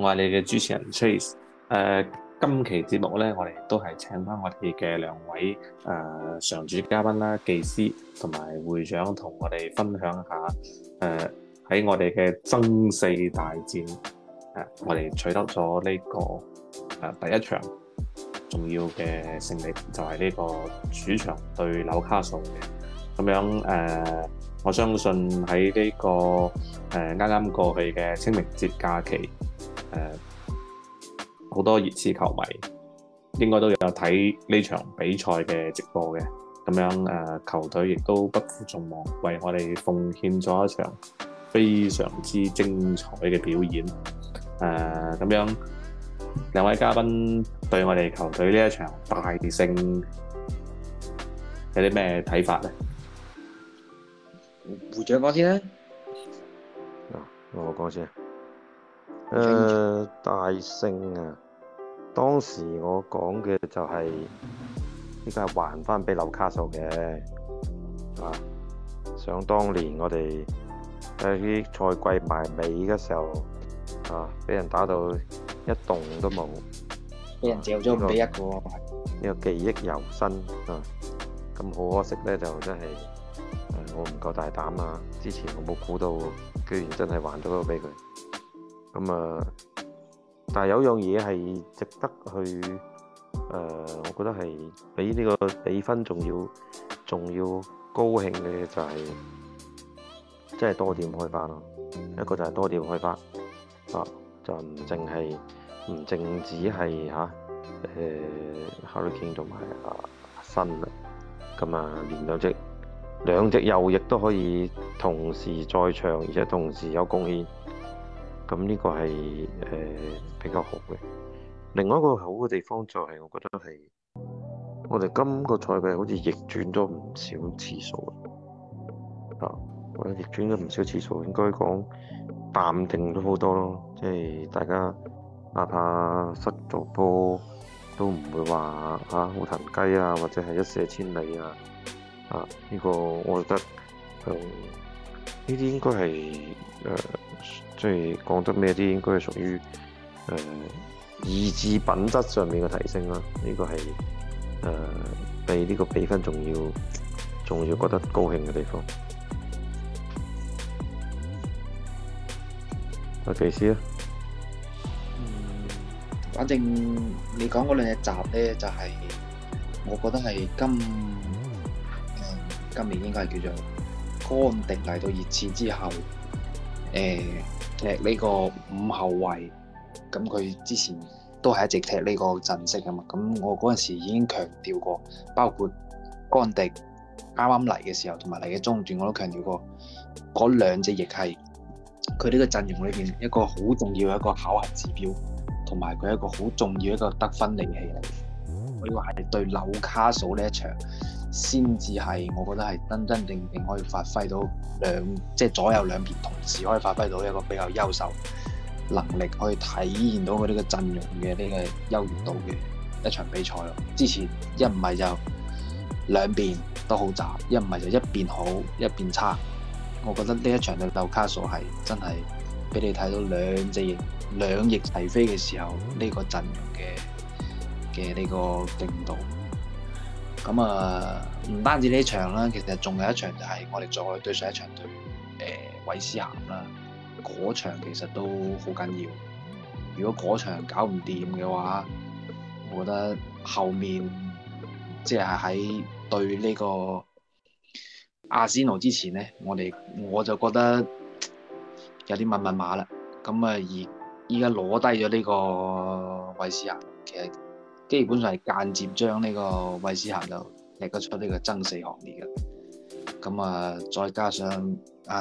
我係你嘅主持人 Chase、呃。誒今期節目咧，我哋都係請翻我哋嘅兩位誒、呃、常駐嘉賓啦，技師同埋會長同我哋分享一下誒喺、呃、我哋嘅爭四大戰誒、呃，我哋取得咗呢、這個誒、呃、第一場重要嘅勝利，就係呢個主場對紐卡素嘅咁樣誒、呃、我相信喺呢、這個誒啱啱過去嘅清明節假期。誒，好、uh, 多熱刺球迷應該都有睇呢場比賽嘅直播嘅，咁樣誒、啊，球隊亦都不負眾望，為我哋奉獻咗一場非常之精彩嘅表演。誒、啊，咁樣兩位嘉賓對我哋球隊呢一場大勝有啲咩睇法咧？會長講先啦，我講先。誒、呃，大勝啊！當時我講嘅就係、是，依、這、家、個、還翻俾紐卡素嘅，啊！想當年我哋誒啲賽季埋尾嘅時候，啊，俾人打到一戙都冇，俾人借咗張唔俾一個，呢個記憶猶新啊！咁好可惜咧，就真係、嗯、我唔夠大膽啊！之前我冇估到，居然真係還咗一個俾佢。咁啊、嗯！但係有樣嘢係值得去，誒、呃，我覺得係比呢個比分仲要仲要高興嘅就係、是，即、就、係、是、多點開花咯。一個就係多點開花，啊，就唔淨係唔淨止係吓，誒 Harry Kane 同埋啊新啊，咁、呃、啊，連兩隻，兩、嗯、隻右翼都可以同時在場，而且同時有貢獻。咁呢個係誒、呃、比較好嘅，另外一個好嘅地方就係我覺得係，我哋今個賽季好似逆轉咗唔少次數啊！我覺得我逆轉咗唔少次數、啊，應該講淡定咗好多咯。即係大家哪怕失咗波，都唔會話嚇好騰雞啊，或者係一瀉千里啊啊！呢、這個我覺得係。嗯。呢啲應該係誒，即、呃、係、就是、講得咩啲應該係屬於誒、呃、意志品質上面嘅提升啦。呢、這個係誒、呃、比呢個比分仲要仲要覺得高興嘅地方。阿技師啊，反正你講嗰兩隻集咧，就係、是、我覺得係今今年應該係叫做。安迪嚟到熱刺之後，誒踢呢個五後衛，咁佢之前都係一直踢呢個陣式啊嘛。咁我嗰陣時已經強調過，包括安迪啱啱嚟嘅時候，同埋嚟嘅中段，我都強調過，嗰兩隻翼係佢呢個陣容裏邊一個好重要一個考核指標，同埋佢一個好重要一個得分利器嚟。我話係對紐卡素呢一場。先至係，是我覺得係真真正正可以發揮到兩，即、就、係、是、左右兩邊同時可以發揮到一個比較優秀能力，可以體現到佢呢個陣容嘅呢、這個優越度嘅一場比賽咯。之前一唔係就兩邊都好雜，一唔係就一邊好一邊差。我覺得呢一場對鬥卡索係真係俾你睇到兩隻翼兩翼齊飛嘅時候，呢、這個陣容嘅嘅呢個勁度。咁啊，唔單止呢場啦，其實仲有一場就係我哋再對上一場對誒呃、韋斯咸啦。嗰場其實都好緊要，如果嗰場搞唔掂嘅話，我覺得後面即係喺對呢、這個阿仙奴之前呢，我哋我就覺得有啲密密麻啦。咁啊，而家攞低咗呢個韋斯咸，其實基本上係間接將呢個韋斯咸就踢得出呢個爭四行列嘅。咁、嗯、啊再加上啊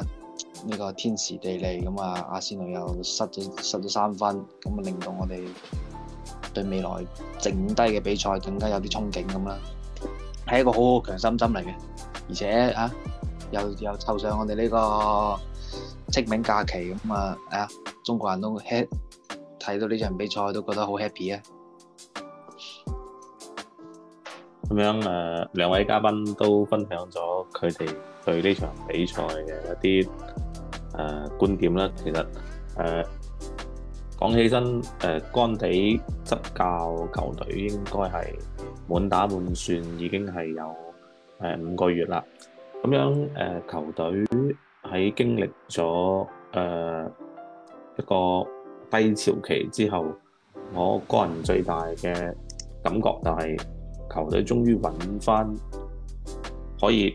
呢、這個天時地利，咁、嗯、啊阿仙奴又失咗失咗三分，咁、嗯、啊令到我哋對未來剩低嘅比賽更加有啲憧憬咁啦，係一個很好好嘅強心針嚟嘅，而且啊又又湊上我哋呢個清明假期，咁、嗯、啊啊中國人都 h a 睇到呢場比賽都覺得好 happy 啊！咁樣、呃、兩位嘉賓都分享了他們對這場比賽的一些誒、呃、觀點啦。其實誒、呃、講起身誒，呃、干地執教球隊應該是滿打滿算已經是有、呃、五個月了。這樣、呃、球隊在經歷了、呃、一個低潮期之後，我個人最大的感覺就是球隊終於揾返可以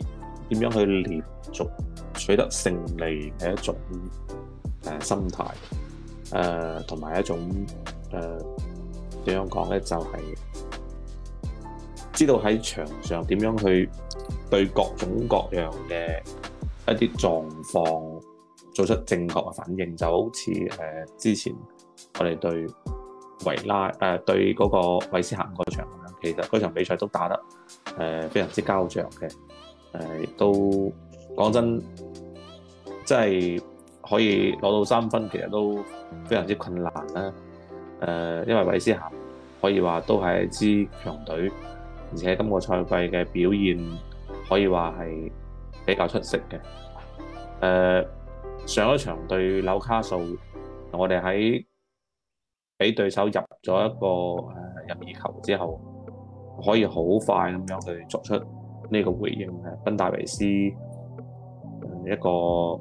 點樣去連續取得勝利嘅一種、呃、心態，誒同埋一種誒點、呃、樣講呢？就係、是、知道喺場上點樣去對各種各樣嘅一啲狀況做出正確嘅反應，就好似、呃、之前我哋對維拉、呃、對嗰個韋斯咸嗰場。其實嗰場比賽都打得誒非常之膠着嘅，誒亦都講真，即係可以攞到三分，其實都非常之困難啦。誒，因為韋斯咸可以話都係一支強隊，而且今個賽季嘅表現可以話係比較出色嘅。誒，上一場對紐卡素，我哋喺俾對手入咗一個誒任意球之後。可以好快咁樣去作出呢個回應。誒，賓大維斯一個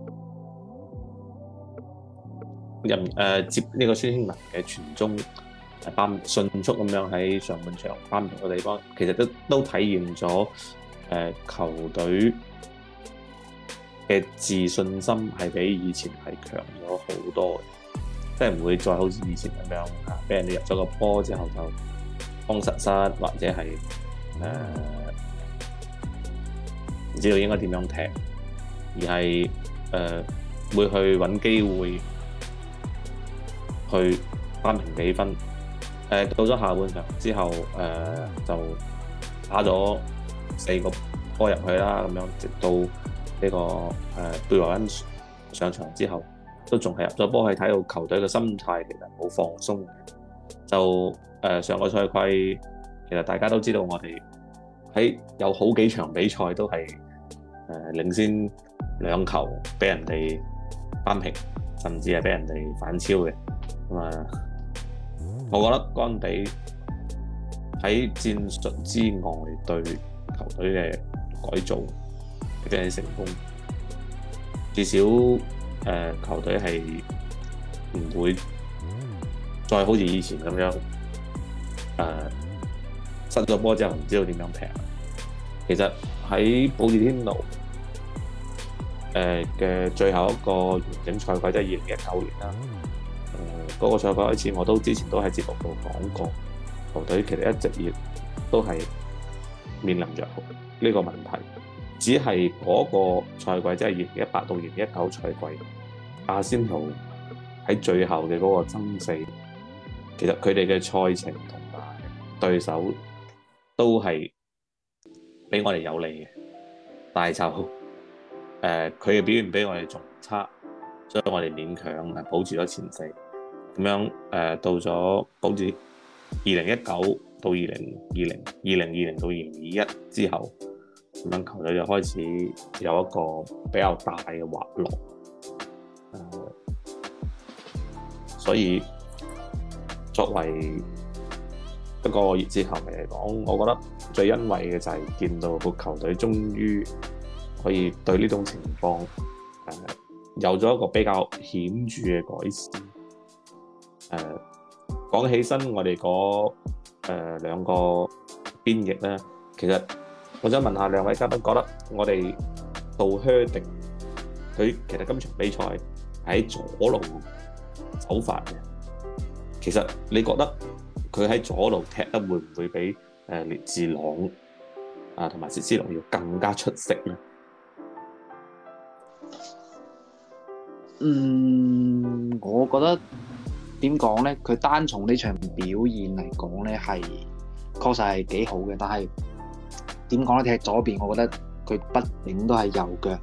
接呢個孫興文嘅傳中，迅速咁樣喺上半場扳唔到嘅地方，其實都都體現咗、呃、球隊嘅自信心係比以前係強咗好多的，即係唔會再好似以前咁樣俾人哋入咗個波之後就。慌失失或者係、呃、唔知道應該點樣踢，而係、呃、會去搵機會去扳平比分。呃、到咗下半場之後、呃、就打咗四個波入去啦。咁樣直到呢個誒貝萊恩上場之後，都仲係入咗波。係睇到球隊嘅心態其實好放鬆就。上個賽季，其實大家都知道我哋有好幾場比賽都係誒、呃、領先兩球，俾人哋扳平，甚至係俾人哋反超嘅、嗯。我覺得干地喺戰術之外對球隊嘅改造比較成功，至少、呃、球隊係唔會再好似以前咁樣。誒、呃，失咗波之後唔知道點樣踢。其實喺布爾天奴誒嘅、呃、最後一個完整賽季，即係二零一九年啦。誒、嗯，嗰、那個賽季開始，我都之前都喺節目度講過，球隊其實一直亦都係面臨着呢個問題。只係嗰個賽季，即係二零一八到二零一九賽季，阿仙奴喺最後嘅嗰個爭四，其實佢哋嘅賽程同對手都係俾我哋有利嘅，但係就、呃、他的佢嘅表現比我哋仲差，所以我哋勉強保住咗前四，咁樣、呃、到咗保住二零一九到二零二零二零二零到二零二一之後，咁樣球隊就開始有一個比較大嘅滑落，呃、所以作為一個熱刺球迷嚟講，我覺得最欣慰嘅就係見到個球隊終於可以對呢種情況、呃、有咗一個比較顯著嘅改善。誒、呃，講起身我哋嗰兩個邊翼咧，其實我想問下兩位嘉賓，覺得我哋杜靴迪佢其實今場比賽喺左路首發嘅，其實你覺得？佢喺左路踢得會唔會比誒列治朗啊同埋薛之朗要更加出色呢？嗯，我覺得點講咧？佢單從呢場表現嚟講咧，係確實係幾好嘅。但係點講咧？踢左邊，我覺得佢畢竟都係右腳，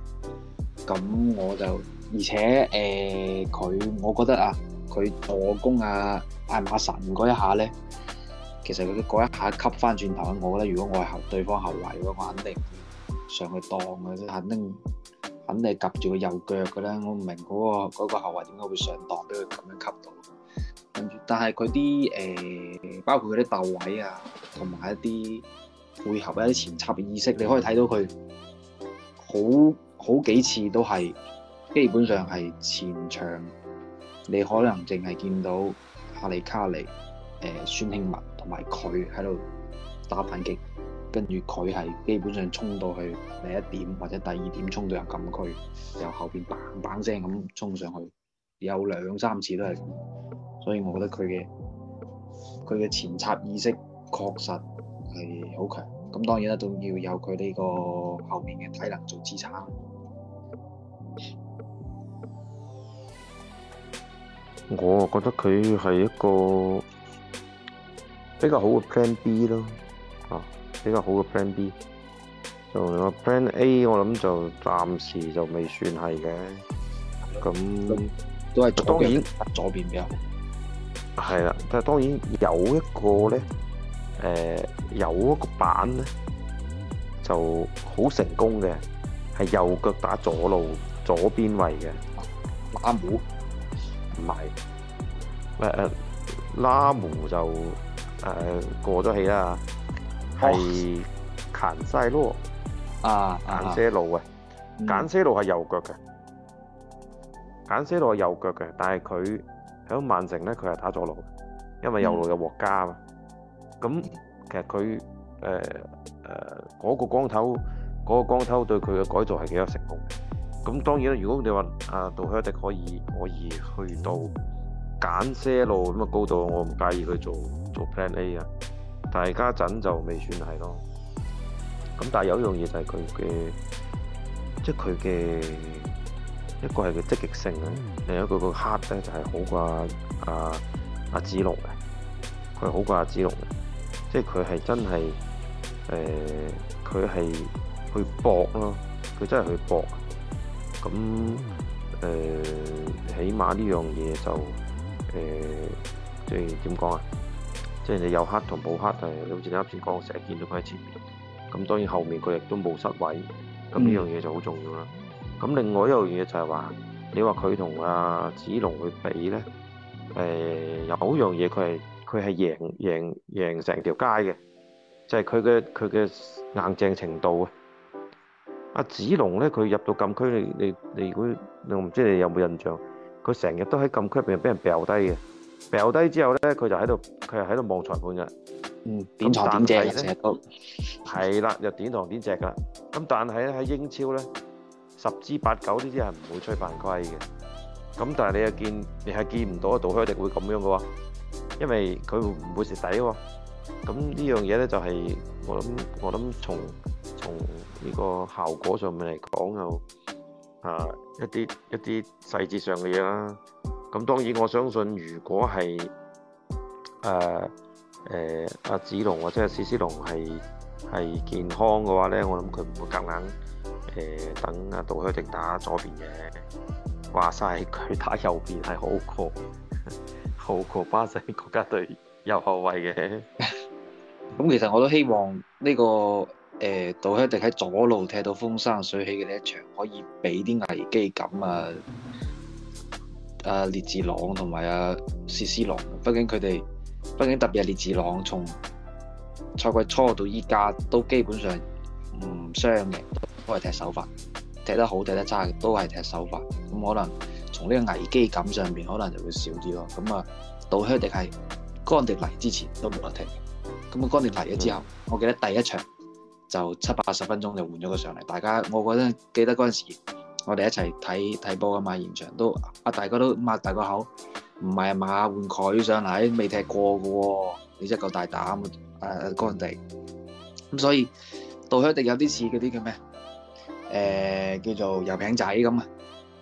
咁我就而且誒，佢、呃、我覺得啊。佢助攻啊艾瑪神嗰一下咧，其實佢嗰一下吸翻轉頭咧，我覺得如果我係後對方後衞嘅話，我肯定上去當嘅，即係肯定肯定係夾住佢右腳嘅咧。我唔明嗰個嗰個後衞點解會上當，都會咁樣吸到。跟住，但係佢啲誒，包括佢啲鬥位啊，同埋一啲配合一啲前插嘅意識，你可以睇到佢好好幾次都係基本上係前場。你可能淨係見到哈利卡尼、誒、呃、孫興慜同埋佢喺度打反擊，跟住佢係基本上衝到去第一點或者第二點衝到入禁區，由後邊嘭嘭聲咁衝上去，有兩三次都係咁，所以我覺得佢嘅佢嘅前插意識確實係好強。咁當然啦，都要有佢呢個後面嘅體能做支撐。我啊，覺得佢係一個比較好嘅 Plan B 咯，啊，比較好嘅 Plan B。仲 Plan A 我諗就暫時就未算係嘅，咁都係左嘅，左邊比較，係啦，但係當然有一個咧，誒、呃、有一個板咧就好成功嘅，係右腳打左路左邊位嘅，納姆、啊。埋誒誒，拉胡就誒過咗氣啦，係簡晒羅啊，簡西路嘅、嗯、簡西路係右腳嘅，簡西路係右腳嘅，但係佢喺曼城咧，佢係打左路，因為右路有獲加嘛。咁、嗯、其實佢誒誒嗰個光頭嗰、嗰個光頭對佢嘅改造係幾有成功嘅。咁當然啦，如果你話啊杜香迪可以可以去到簡些路咁嘅高度，我唔介意佢做做 Plan A 啊，但係家陣就未算係咯。咁但係有一樣嘢就係佢嘅，即係佢嘅一個係佢積極性、嗯、他的就是啊，另一個個 hard 咧就係好過阿阿阿子龍嘅，佢好過阿子龍嘅，即係佢係真係誒，佢係去搏咯，佢真係去搏。咁誒，起碼呢樣嘢就誒，即係點講啊？即係你有黑同冇黑誒，你好似你啱先講，成日見到佢喺前面。咁當然後面佢亦都冇失位，咁呢樣嘢就好重要啦。咁另外一樣嘢就係話，你話佢同阿子龍去比咧，誒有樣嘢佢係佢係贏贏贏成條街嘅，即係佢嘅佢嘅硬淨程度啊！阿子龍咧，佢入到禁區，你你你如果我唔知你有冇印象，佢成日都喺禁區入邊俾人掉低嘅，掉低之後咧，佢就喺度，佢係喺度望裁判嘅。嗯，點堂點隻咧？係啦，又點堂點隻噶。咁但係咧喺英超咧，十之八九呢啲係唔會吹犯規嘅。咁但係你又見，你係見唔到杜亨迪會咁樣嘅喎，因為佢唔會蝕底喎。咁呢樣嘢咧就係、是、我諗我諗從從呢個效果上面嚟講又啊一啲一啲細節上嘅嘢啦。咁當然我相信如果係誒誒阿子龍或者係阿思思龍係係健康嘅話咧，我諗佢唔會夾硬誒、啊、等阿杜海霆打左邊嘅。話晒佢打右邊係好過好過巴西國家隊右後衛嘅。咁其實我都希望呢、呢個誒、呃、杜香迪喺左路踢到風生水起嘅呢一場，可以俾啲危機感啊！啊列治朗同埋啊薛斯，斯朗，畢竟佢哋，畢竟特別係列治朗，從賽季初到依家都基本上唔傷嘅，都係踢首發，踢得好，踢得差都係踢首發。咁可能從呢個危機感上邊，可能就會少啲咯。咁啊，杜香迪係甘迪嚟之前都冇得踢。咁啊，干地嚟咗之後，我記得第一場就七八十分鐘就換咗個上嚟，大家我嗰得記得嗰陣時我，我哋一齊睇睇波啊嘛，現場都啊大家都擘、啊、大，大個口，唔係啊，馬換佢上嚟，未踢過嘅喎、哦，你真係夠大膽啊！啊，干地咁所以杜香迪有啲似嗰啲叫咩啊、呃？叫做油餅仔咁啊，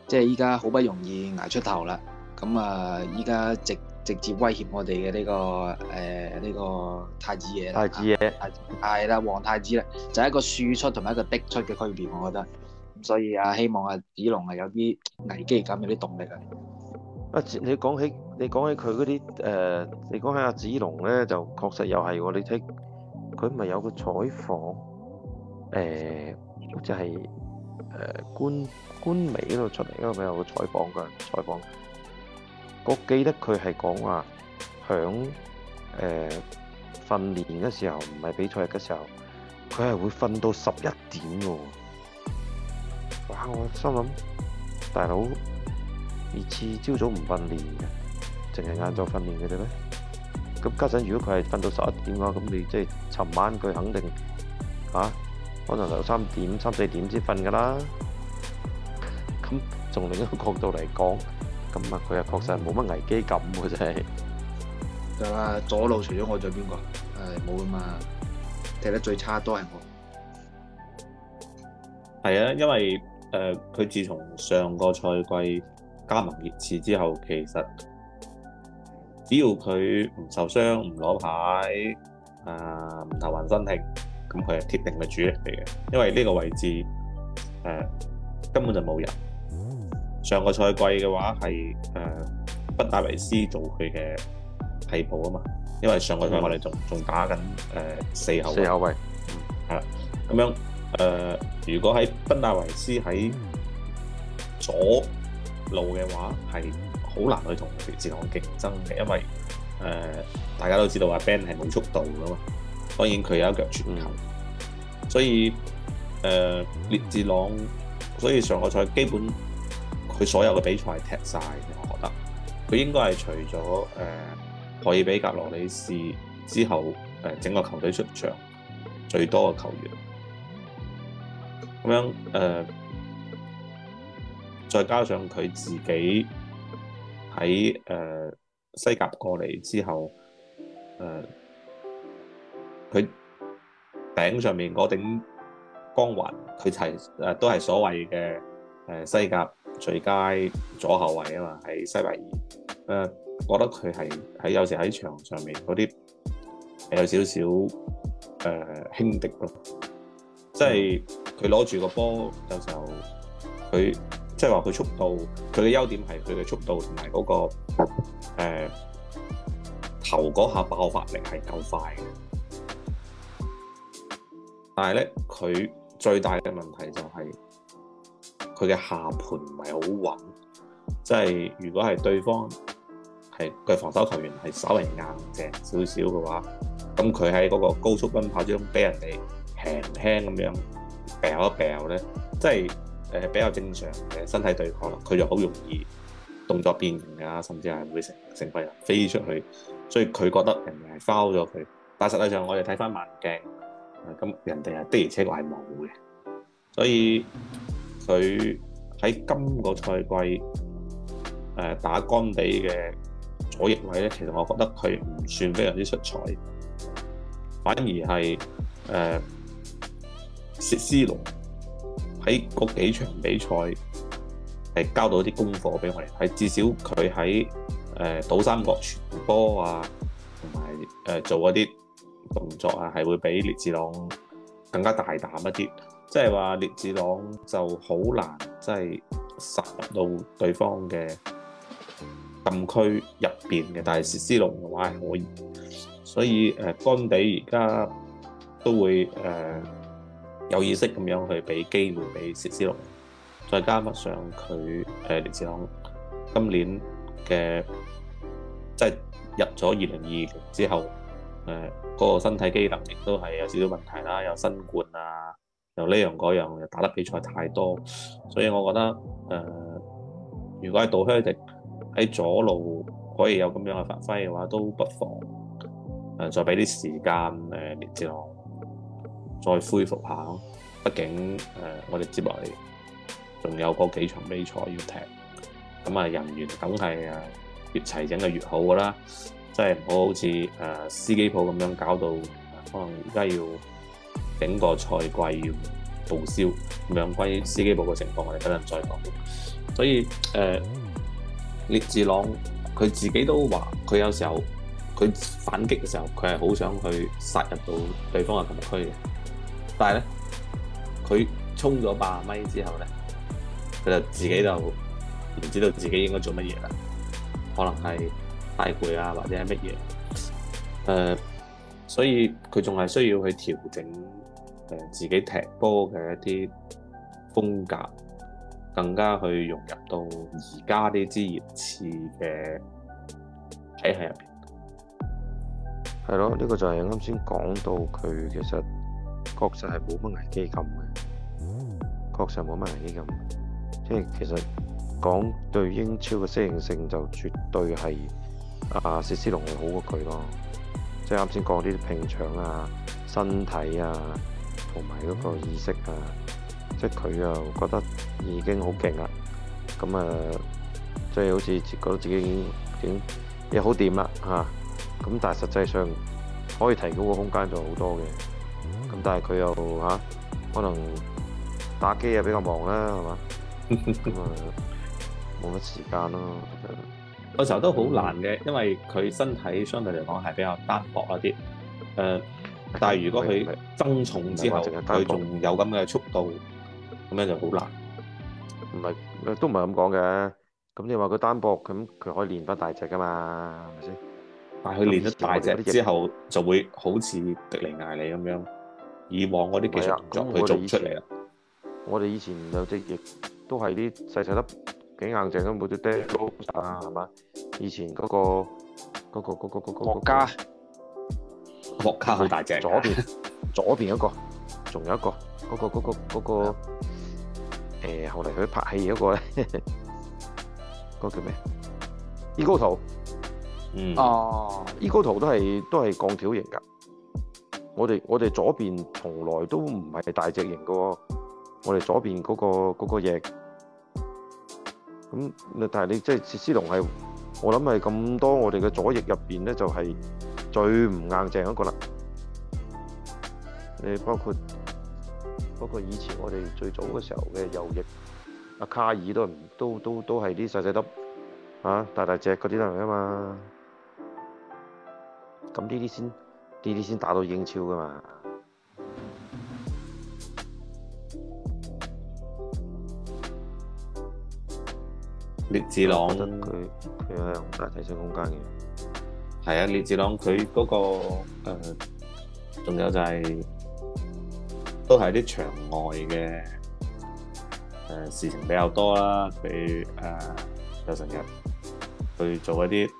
即係依家好不容易捱出頭啦，咁啊依家直直接威脅我哋嘅呢個誒呢、呃這個太子爺太子爺係啦，皇太子啦，就是、一個庶出同埋一個嫡出嘅區別，我覺得。所以啊，希望阿、啊、子龍係有啲危機感，有啲動力啊。啊，你講起你講起佢嗰啲誒，你講起阿、啊、子龍咧，就確實又係喎。你睇佢咪有個採訪誒、呃，就係誒官官微嗰度出嚟因為佢有個採訪嘅採訪。我記得佢係講話響誒訓練嘅時候，唔係比賽日嘅時候，佢係會瞓到十一點嘅喎。哇！我心諗大佬，你次朝早唔訓練嘅，淨係晏晝訓練嘅啫咩？咁家陣如果佢係瞓到十一點嘅話，咁你即係尋晚佢肯定嚇、啊，可能留三點、三四點先瞓嘅啦。咁從另一個角度嚟講。咁啊，佢又確實係冇乜危機感喎，真係。咁啊，左路除咗我仲有邊個？誒、呃，冇噶嘛，踢得最差的都係我。係啊，因為誒，佢、呃、自從上個賽季加盟熱刺之後，其實只要佢唔受傷、唔攞牌、啊唔頭暈身痛，咁佢係鐵定嘅主力嚟嘅。因為呢個位置、呃、根本就冇人。上個賽季嘅話係誒，賓達、呃、維斯做佢嘅替補啊嘛，因為上個賽季我哋仲打緊、呃、四後四後位，啦、嗯，咁樣誒、呃，如果喺賓達維斯喺左路嘅話，係好難去同列治朗競爭嘅，因為誒、呃、大家都知道阿 Ben 係冇速度噶嘛，當然佢有一腳傳球，嗯、所以誒列治朗，所以上個賽基本、嗯。佢所有嘅比賽係踢曬，我覺得佢應該係除咗誒可以俾格羅里斯之後，誒、呃、整個球隊出場最多嘅球員，咁樣誒、呃，再加上佢自己喺誒、呃、西甲過嚟之後，誒、呃、佢頂上面嗰頂光環，佢係誒都係所謂嘅誒、呃、西甲最佳左後衛啊嘛，係西維爾、呃。我覺得佢係有時喺場上面嗰啲有少少誒輕敵咯，即係佢攞住個波有時候佢、呃、即係話佢速度，佢嘅優點係佢嘅速度同埋嗰個、呃、頭嗰下爆發力係夠快嘅，但係呢，佢最大嘅問題就係、是。佢嘅下盤唔係好穩，即係如果係對方係嘅防守球員係稍微硬淨少少嘅話，咁佢喺嗰個高速奔跑之中俾人哋輕輕咁樣掉一掉咧，即係誒、呃、比較正常嘅身體對抗啦。佢就好容易動作變形啊，甚至係會成成個人飛出去，所以佢覺得人哋係包咗佢，但係實際上我哋睇翻慢鏡，咁人哋係的而且確係冇嘅，所以。佢喺今個賽季、呃、打干地嘅左翼位咧，其實我覺得佢唔算非常之出彩，反而係誒薛斯隆喺嗰幾場比賽係交到啲功課俾我哋睇，至少佢喺、呃、倒三角傳波啊，同埋、呃、做一啲動作啊，係會比列治朗更加大膽一啲。即係話列治朗就好難，即係殺到對方嘅禁區入邊嘅，但係薛之龍嘅話係可以，所以誒幹、呃、地而家都會誒、呃、有意識咁樣去俾機會俾薛之龍，再加上佢誒、呃、列治朗今年嘅即係入咗二零二零之後，誒、呃、嗰、那個身體機能亦都係有少少問題啦，有新冠啊。又呢樣嗰樣又打得比賽太多，所以我覺得誒、呃，如果係杜亨迪喺左路可以有咁樣嘅發揮嘅話，都不妨誒、呃、再俾啲時間誒列治朗再恢復下咯。畢竟誒、呃，我哋接落嚟仲有嗰幾場比賽要踢，咁啊人員梗係誒越齊整就越好㗎啦，即係唔好好似誒司機鋪咁樣搞到可能而家要整個賽季要報銷，咁樣關於司機部嘅情況，我哋等陣再講。所以呃列志朗佢自己都話，佢有時候佢反擊嘅時候，佢係好想去殺入到對方嘅禁區嘅。但係呢，佢衝咗八百米之後呢，佢就自己就唔知道自己應該做乜嘢啦。可能係太攰啊，或者係乜嘢？呃所以佢仲係需要去調整。誒自己踢波嘅一啲風格，更加去融入到而家呢支熱刺嘅體系入邊。係咯，呢個就係啱先講到佢其實確實係冇乜危機感嘅，確實冇乜危機感的。即係其實講對英超嘅適應性就絕對係啊，史斯隆係好過佢咯。即係啱先講啲拼搶啊、身體啊。同埋嗰個意識啊，即係佢又覺得已經好勁啦。咁啊，即係好似覺得自己已經又好掂啦嚇。咁但係實際上可以提高個空間就好多嘅。咁但係佢又嚇，可能打機又比較忙啦，係嘛？冇乜 時間咯。有時候都好難嘅，因為佢身體相對嚟講係比較單薄一啲。誒、呃。但係如果佢增重之後，佢仲有咁嘅速度，咁樣是就好難。唔係，都唔係咁講嘅。咁你話佢單薄，咁佢可以練翻大隻噶嘛？係咪先？但係佢練得大隻之後，就會好似迪尼艾利咁樣，以往嗰啲技術就唔會做出嚟啊。我哋以前有隻翼都係啲細細粒，幾硬淨都冇啲爹啊，係嘛？以前嗰、嗰個嗰、嗰個嗰、嗰個嗰、嗰個、嗰個、國家。骨架好大隻，左邊 左邊一個，仲有一個，嗰個嗰個嗰個，嗰個嗰個嗰個呃、後嚟佢拍戲嗰、嗰個咧，嗰 個叫咩伊高圖，嗯，哦、oh. 伊高圖都係都係鋼條型噶。我哋我哋左邊從來都唔係大隻型噶喎，我哋左邊嗰、嗰個嗰、嗰個翼，咁，但係你即係設施龍係。我諗係咁多我哋嘅左翼入面呢，就係最唔硬淨的一個啦。你包括包括以前我哋最早嘅時候嘅右翼，阿卡爾都都都都係啲細細粒嚇，大大隻嗰啲人㗎嘛。咁呢啲先呢啲先打到英超㗎嘛。列志朗佢佢係大提升空間嘅，係啊！列志朗佢嗰、那個誒，仲、呃、有就係、是、都係啲場外嘅，誒、呃、事情比較多啦，譬如、呃、有成日去做一啲誒、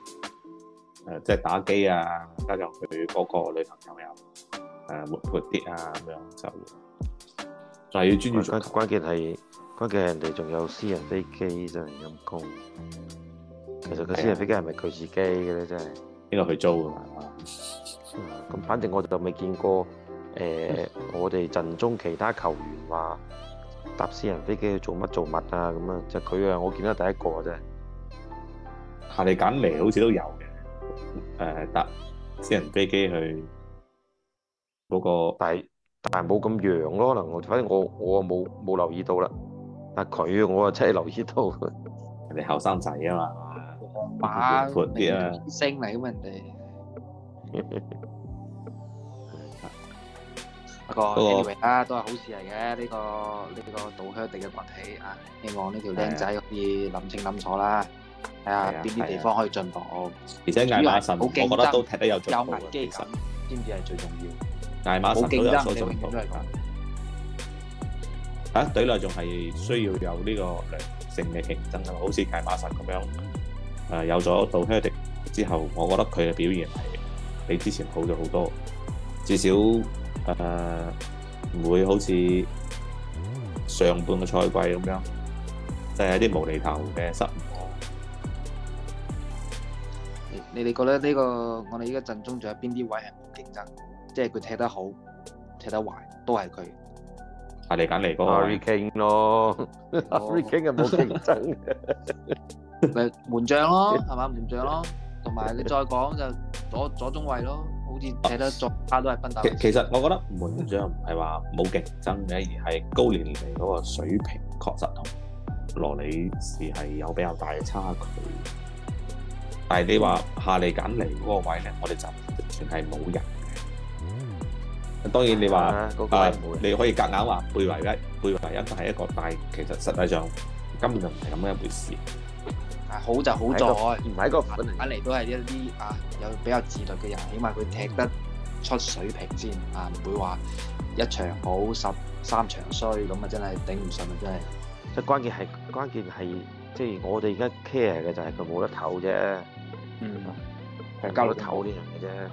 呃、即係打機啊，加上佢嗰個女朋友誒活潑啲啊咁樣就，就要專注。關關鍵係。關鍵人哋仲有私人飛機真係咁高，其實個私人飛機係咪佢自己嘅呢？真係應該去租㗎嘛？咁反正我就未見過、呃、我哋陣中其他球員話搭私人飛機去做乜做物啊咁啊，就佢啊，我見到第一個真係。下嚟簡尼好似都有嘅，搭、呃、私人飛機去嗰、那個，但係但係冇咁揚咯，可能我反正我我冇留意到啦。啊佢，我啊真係留意到，人哋後生仔啊嘛，把闊啲啊，升嚟咁人哋。啊，不過呢條維拉都係好事嚟嘅，呢個呢個道靴地嘅崛起啊，希望呢條靚仔可以諗清諗楚啦，睇下邊啲地方可以進步。而且艾馬臣，我覺得都踢得有進步。有危機感，先至係最重要。艾馬臣都有所進步。隊內仲係需要有呢個良性嘅競爭，好似契馬什咁樣。有咗杜亨迪之後，我覺得佢嘅表現係比之前好咗好多。至少誒，唔、呃、會好似上半個賽季咁樣，就係啲無厘頭嘅失誤。你你哋覺得呢、呢個我哋依家陣中仲有邊啲位係冇競爭？即係佢踢得好，踢得壞都係佢。夏利簡尼嗰個 Harry Kane 咯。Harry Kane 就冇競爭的，咪 門將咯，係嘛，門將咯，同埋你再講就左左中衞咯，好似其得左差都係奔走。其實我覺得門將唔係話冇競爭嘅，而係高連尼嗰個水平確實同羅里斯係有比較大嘅差距。但係你話夏利簡尼嗰個位呢？我哋就全係冇人。當然你話啊，那個、你可以夾硬話配圍一配圍一就係一個，但係其實實際上根本就唔係咁嘅一回事。係好就好在唔係個反例，反嚟都係一啲啊有比較自律嘅人，起碼佢踢得出水平先啊，唔會話一場好十三場衰咁啊，真係頂唔順啊，真係。即係關鍵係關鍵係，即係我哋而家 care 嘅就係佢冇得唞啫、嗯，嗯，係交得唞呢樣嘅啫。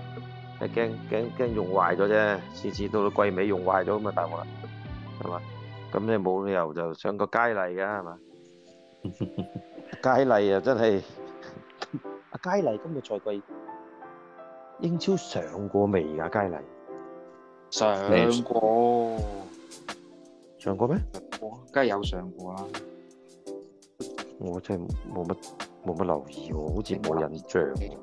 係驚驚驚用壞咗啫，次次到到季尾用壞咗咁啊大鑊啦，係嘛？咁你冇理由就上個佳麗㗎，係嘛？佳麗啊，真係阿佳麗今個賽季英超上過未㗎？佳麗上過，上過咩？上過，梗係有上過啦。我真係冇乜冇乜留意喎，好似冇印象喎。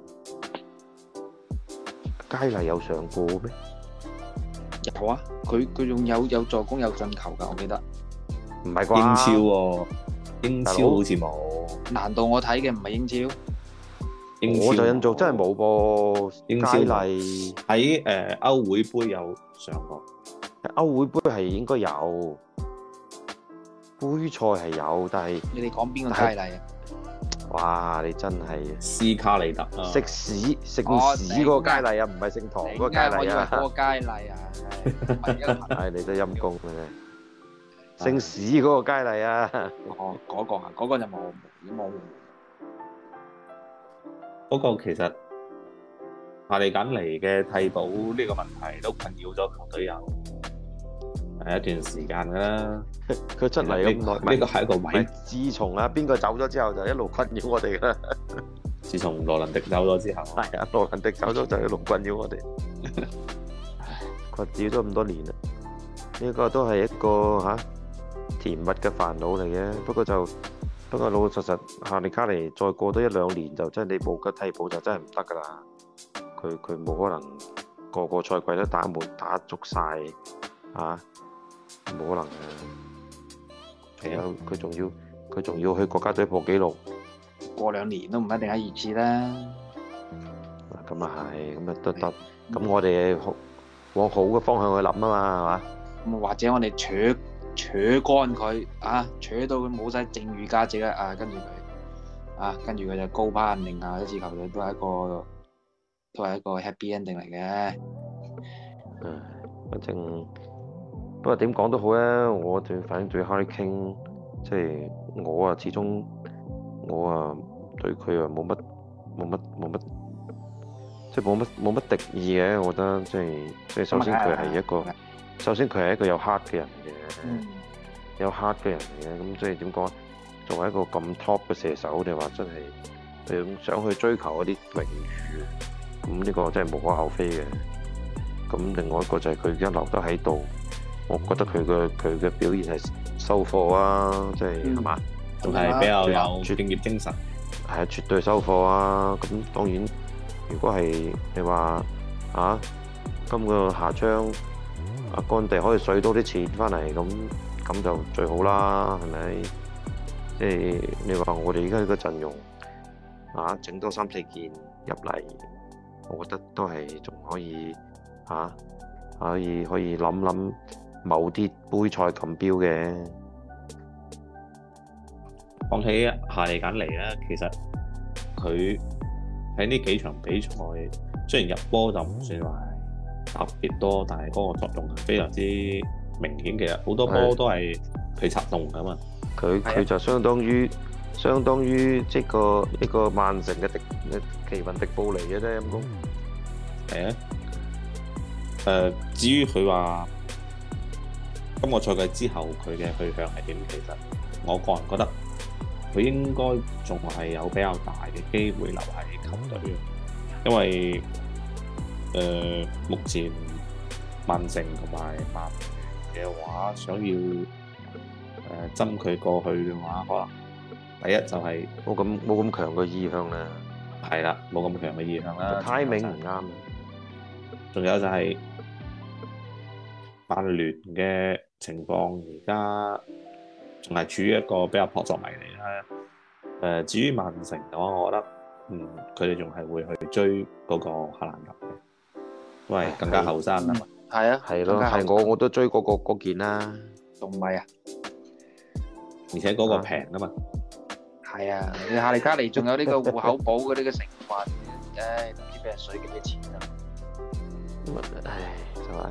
佳麗有上過咩？有啊，佢佢仲有有助攻有進球噶，我記得。唔係啩？英超喎，英超好似冇。難道我睇嘅唔係英超？我就印象真係冇噃。英超佳麗喺誒歐會盃有上過。歐會盃係應該有，嗯、盃賽係有，但係你哋講邊個佳麗啊？哇！你真係斯卡利特，食屎食屎嗰個佳麗啊，唔係姓唐嗰個佳麗啊，我佳麗啊，係你都陰公嘅，姓屎嗰個佳麗啊，哦嗰個啊，嗰個就冇冇。嗰個其實阿利簡尼嘅替補呢個問題都困擾咗球隊友。係一段時間噶啦，佢出嚟咁耐，呢個係一個位。自從啊，邊個走咗之後，就一路困擾我哋啦。自從羅倫迪走咗之後，係啊，羅倫迪走咗就一路困擾我哋，困擾咗咁多年啦。呢個都係一個嚇甜蜜嘅煩惱嚟嘅，不過就，不過老老實實，哈利卡尼再過多一兩年就真係你無吉替補就真係唔得噶啦。佢，佢冇可能個個賽季都打滿打足曬啊！冇可能嘅，係啊！佢仲要，佢仲要去國家隊破紀錄，過兩年都唔一定係熱刺啦。咁啊係，咁啊得得。咁的我哋往好嘅方向去諗啊嘛，係嘛、嗯？咁吧或者我哋扯扯乾佢啊，扯到佢冇晒剩餘價值啦啊！跟住佢啊，跟住佢就高攀另外一支球隊，都係一個都係一個 happy ending 嚟嘅。唉、啊，反正。不過點講都好咧，我對，反正對 Harry Kane，即係我啊，始終我啊對佢啊冇乜冇乜冇乜，即係冇乜冇乜敵意嘅。我覺得即係即係首先佢係一個首先佢係一個有 heart 嘅人嘅，嗯、有 heart 嘅人嘅。咁即係點講？作為一個咁 top 嘅射手，你話真係想想去追求一啲榮譽，咁呢個真係無可厚非嘅。咁另外一個就係佢而家留得喺度。我覺得佢嘅佢嘅表現係收貨啊，即係係嘛，仲係比較有專業精神，係啊，絕對收貨啊。咁當然，如果係你話啊，今個夏窗阿幹地可以水多啲錢翻嚟，咁咁就最好啦，係咪？即係你話我哋而家個陣容啊，整多三四件入嚟，我覺得都係仲可以吓，可以可以諗諗。某啲杯賽錦標嘅，講起夏利簡尼咧，其實佢喺呢幾場比賽，雖然入波就唔算話特別多，但係嗰個作用係非常之明顯。其實好多波都係佢策動噶嘛，佢佢就相當於相當於即個一個曼城嘅迪奇雲迪布尼嚟嘅啫，咁講係啊，誒，至於佢話，今個賽季之後佢嘅去向係點？其實我個人覺得佢應該仲係有比較大嘅機會留喺球隊咯，因為誒、呃、目前曼城同埋曼聯嘅話，想要誒爭佢過去嘅話，可能第一就係冇咁冇咁強嘅意向啦。係啦，冇咁強嘅意向啦。timing 唔啱。仲有，有就係曼聯嘅。情況而家仲係處於一個比較撲朔迷離啦。誒，至於曼城嘅話，我覺得嗯，佢哋仲係會去追嗰個哈蘭德嘅，因為更加後生啊嘛。係 啊，係咯，係我我都追嗰個嗰件啦，咪啊，而且嗰個平啊嘛。係啊，你哈利卡尼仲有呢個戶口簿嗰啲嘅成分，唔、 哎、知佢係使幾多錢啊？咁、嗯、嘛？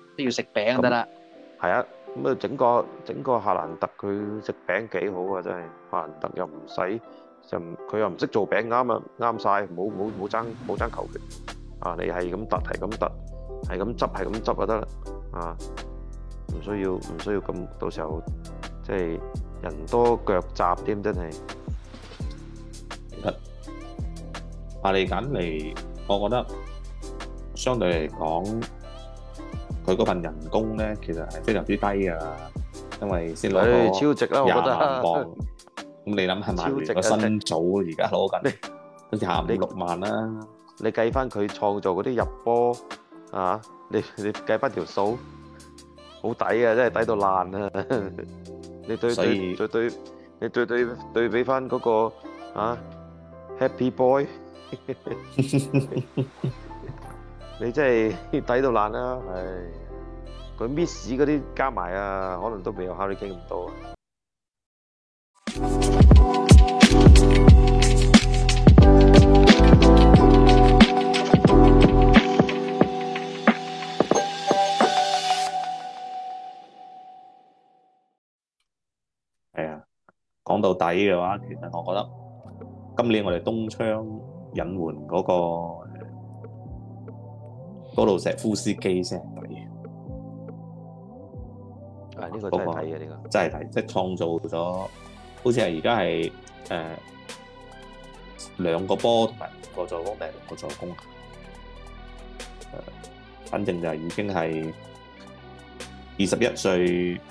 都要食餅就得啦，係啊，咁啊整個整個夏蘭特佢食餅幾好啊，真係夏蘭特又唔使，就佢又唔識做餅，啱啊啱晒，冇冇冇爭冇爭球權啊！你係咁突係咁突係咁執係咁執就得啦啊！唔需要唔需要咁，到時候即係人多腳雜添，真係。阿李簡嚟，我覺得相對嚟講。佢嗰份人工咧，其實係非常之低噶，因為先攞咗廿萬磅。咁你諗係咪超值嘅新組而家攞緊，好似鹹你六萬啦。你計翻佢創造嗰啲入波，嚇你你計翻條數，好抵啊！真係抵到爛啊！你對對對對，你對對對比翻嗰個嚇 Happy Boy。你真係抵到爛啦！唉，佢 miss 嗰啲加埋啊，可能都未有哈利基咁多。係啊，講到底嘅話，其實我覺得今年我哋東窗隱瞞嗰個。嗰度石夫斯基先係呢個真係睇嘅呢個，真係睇，即係創造咗，好似係而家係兩個波同埋個助攻定係個助攻，誒，反正、嗯、就已經係二十一歲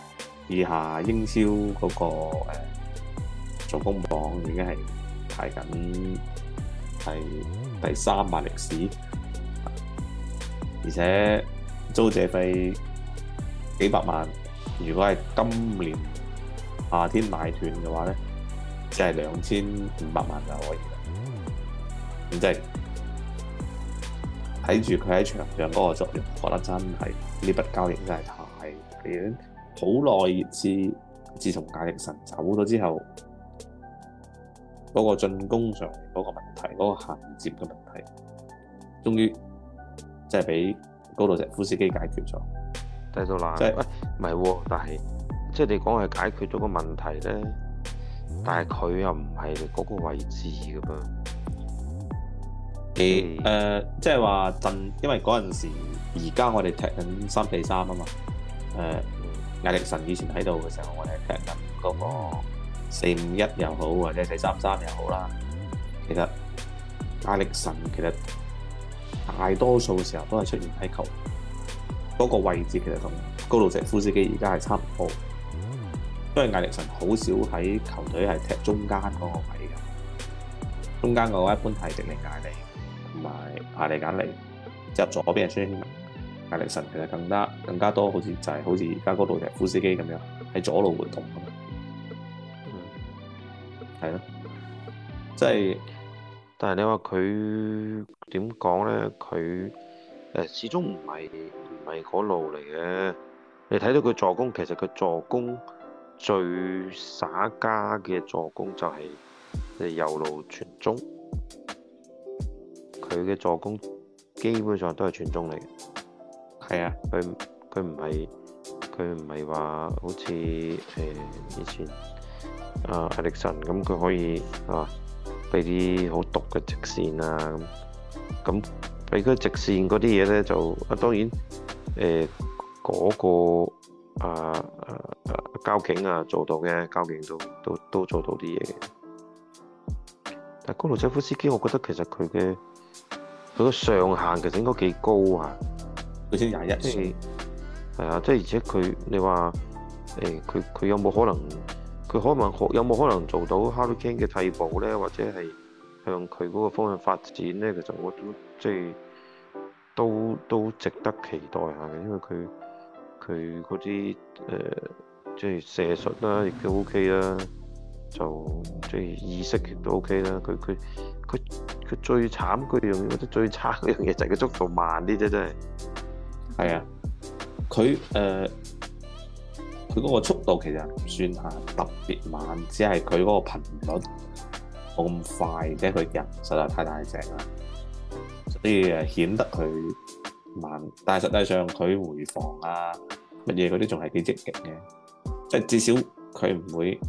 以下英超嗰、嗰個誒助攻榜已經係排緊係第三名歷史。而且租借費幾百萬，如果係今年夏天買斷嘅話咧，即係兩千五百萬，嗯、就可以了。咁即係睇住佢喺場上嗰個作用，覺得真係呢筆交易真係太，好耐自自從亞歷神走咗之後，嗰、嗰個進攻上面嗰個問題，嗰、嗰個銜接嘅問題，終於。即係俾高度石夫斯基解決咗，低到第即難，喂、就是，唔係、啊啊，但係即係你講係解決咗個問題咧，但係佢又唔係嗰個位置㗎噃，誒、欸呃，即係話陣，因為嗰陣時，而家我哋踢緊三四三啊嘛，誒、呃，嗯、亞歷神以前喺度嘅時候，我哋踢緊嗰個四五一又好，或者四三三又好啦，其實亞歷神其實。大多數嘅時候都係出現喺球嗰、那個位置，其實同高露士夫斯基而家係差唔多，因為艾力臣好少喺球隊係踢中間嗰個位嘅，中間嘅話一般係迪尼艾利同埋帕利賈尼，即係左邊係孫興慜，艾力臣其實更加更加多，就是、好似就係好似而家高露士夫斯基咁樣喺左路活動啊嘛，係咯，即係。但係你話佢點講咧？佢誒始終唔係唔係嗰路嚟嘅。你睇到佢助攻，其實佢助攻最耍家嘅助攻就係即係右路傳中。佢嘅助攻基本上都係傳中嚟嘅。係啊，佢佢唔係佢唔係話好似誒以前啊艾歷臣咁，佢可以係嘛？俾啲好毒嘅直線啊！咁俾佢直線嗰啲嘢咧，就啊當然誒嗰、欸那個、啊啊啊、交警啊做到嘅，交警都都，都做到啲嘢。但高路仔夫斯基，我覺得其實佢嘅佢嘅上限其實應該幾高的、欸、啊！佢先廿一歲，係啊，即係而且佢你話誒佢佢有冇可能？佢可能有冇可能做到 Harry Kane 嘅替補咧，或者係向佢嗰個方向發展咧？其實我都即係、即係、都都值得期待下嘅，因為佢佢嗰啲誒即係射術啦、啊，亦都 OK 啦，就即係、即係、意識亦都 OK 啦。佢佢佢佢最慘佢樣，我覺得最差嗰樣嘢就係佢速度慢啲啫，真係。係啊，佢誒。呃佢嗰個速度其實唔算係特別慢，只係佢嗰個頻率冇咁快，即係佢人實在太大隻啦，所以顯得佢慢。但係實際上佢回防啊乜嘢嗰啲仲係幾積極嘅，即至少佢唔會，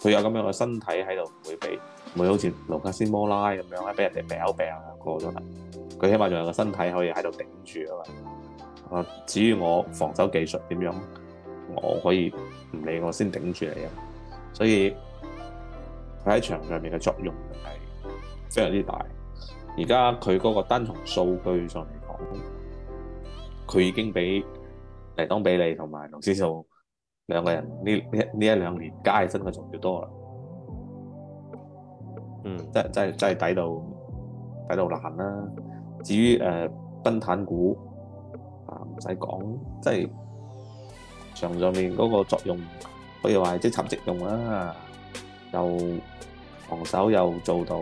佢有這樣嘅身體喺度唔會俾，唔會好似盧卡斯摩拉咁樣咧俾人哋秒病啊過咗啦。佢起碼仲有個身體可以喺度頂住啊嘛。至於我防守技術點樣，我可以唔理我先頂住你。所以佢喺場上面嘅作用係非常之大。而家佢嗰個單從數據上嚟講，佢已經比當當比利同埋盧思素兩個人呢一,一兩年加起身嘅仲要多啦嗯，真的真係抵到抵到難啦、啊！至於奔、呃、坦古。唔使講，即係場上面嗰個作用，可以話係即插即用啊！又防守又做到，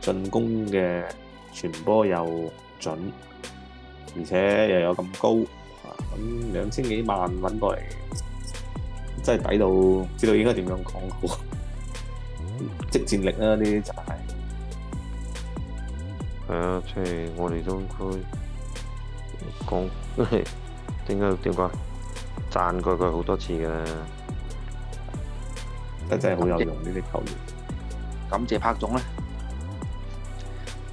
進攻嘅傳波又準，而且又有咁高，咁兩千幾萬揾過嚟，真係抵到，知道應該點樣講好？即戰力啦，呢啲就係。係啊，除我哋都。 講都係點解點講？讚過佢好多次噶，真係好有用呢啲球員。感謝，感謝柏總咧，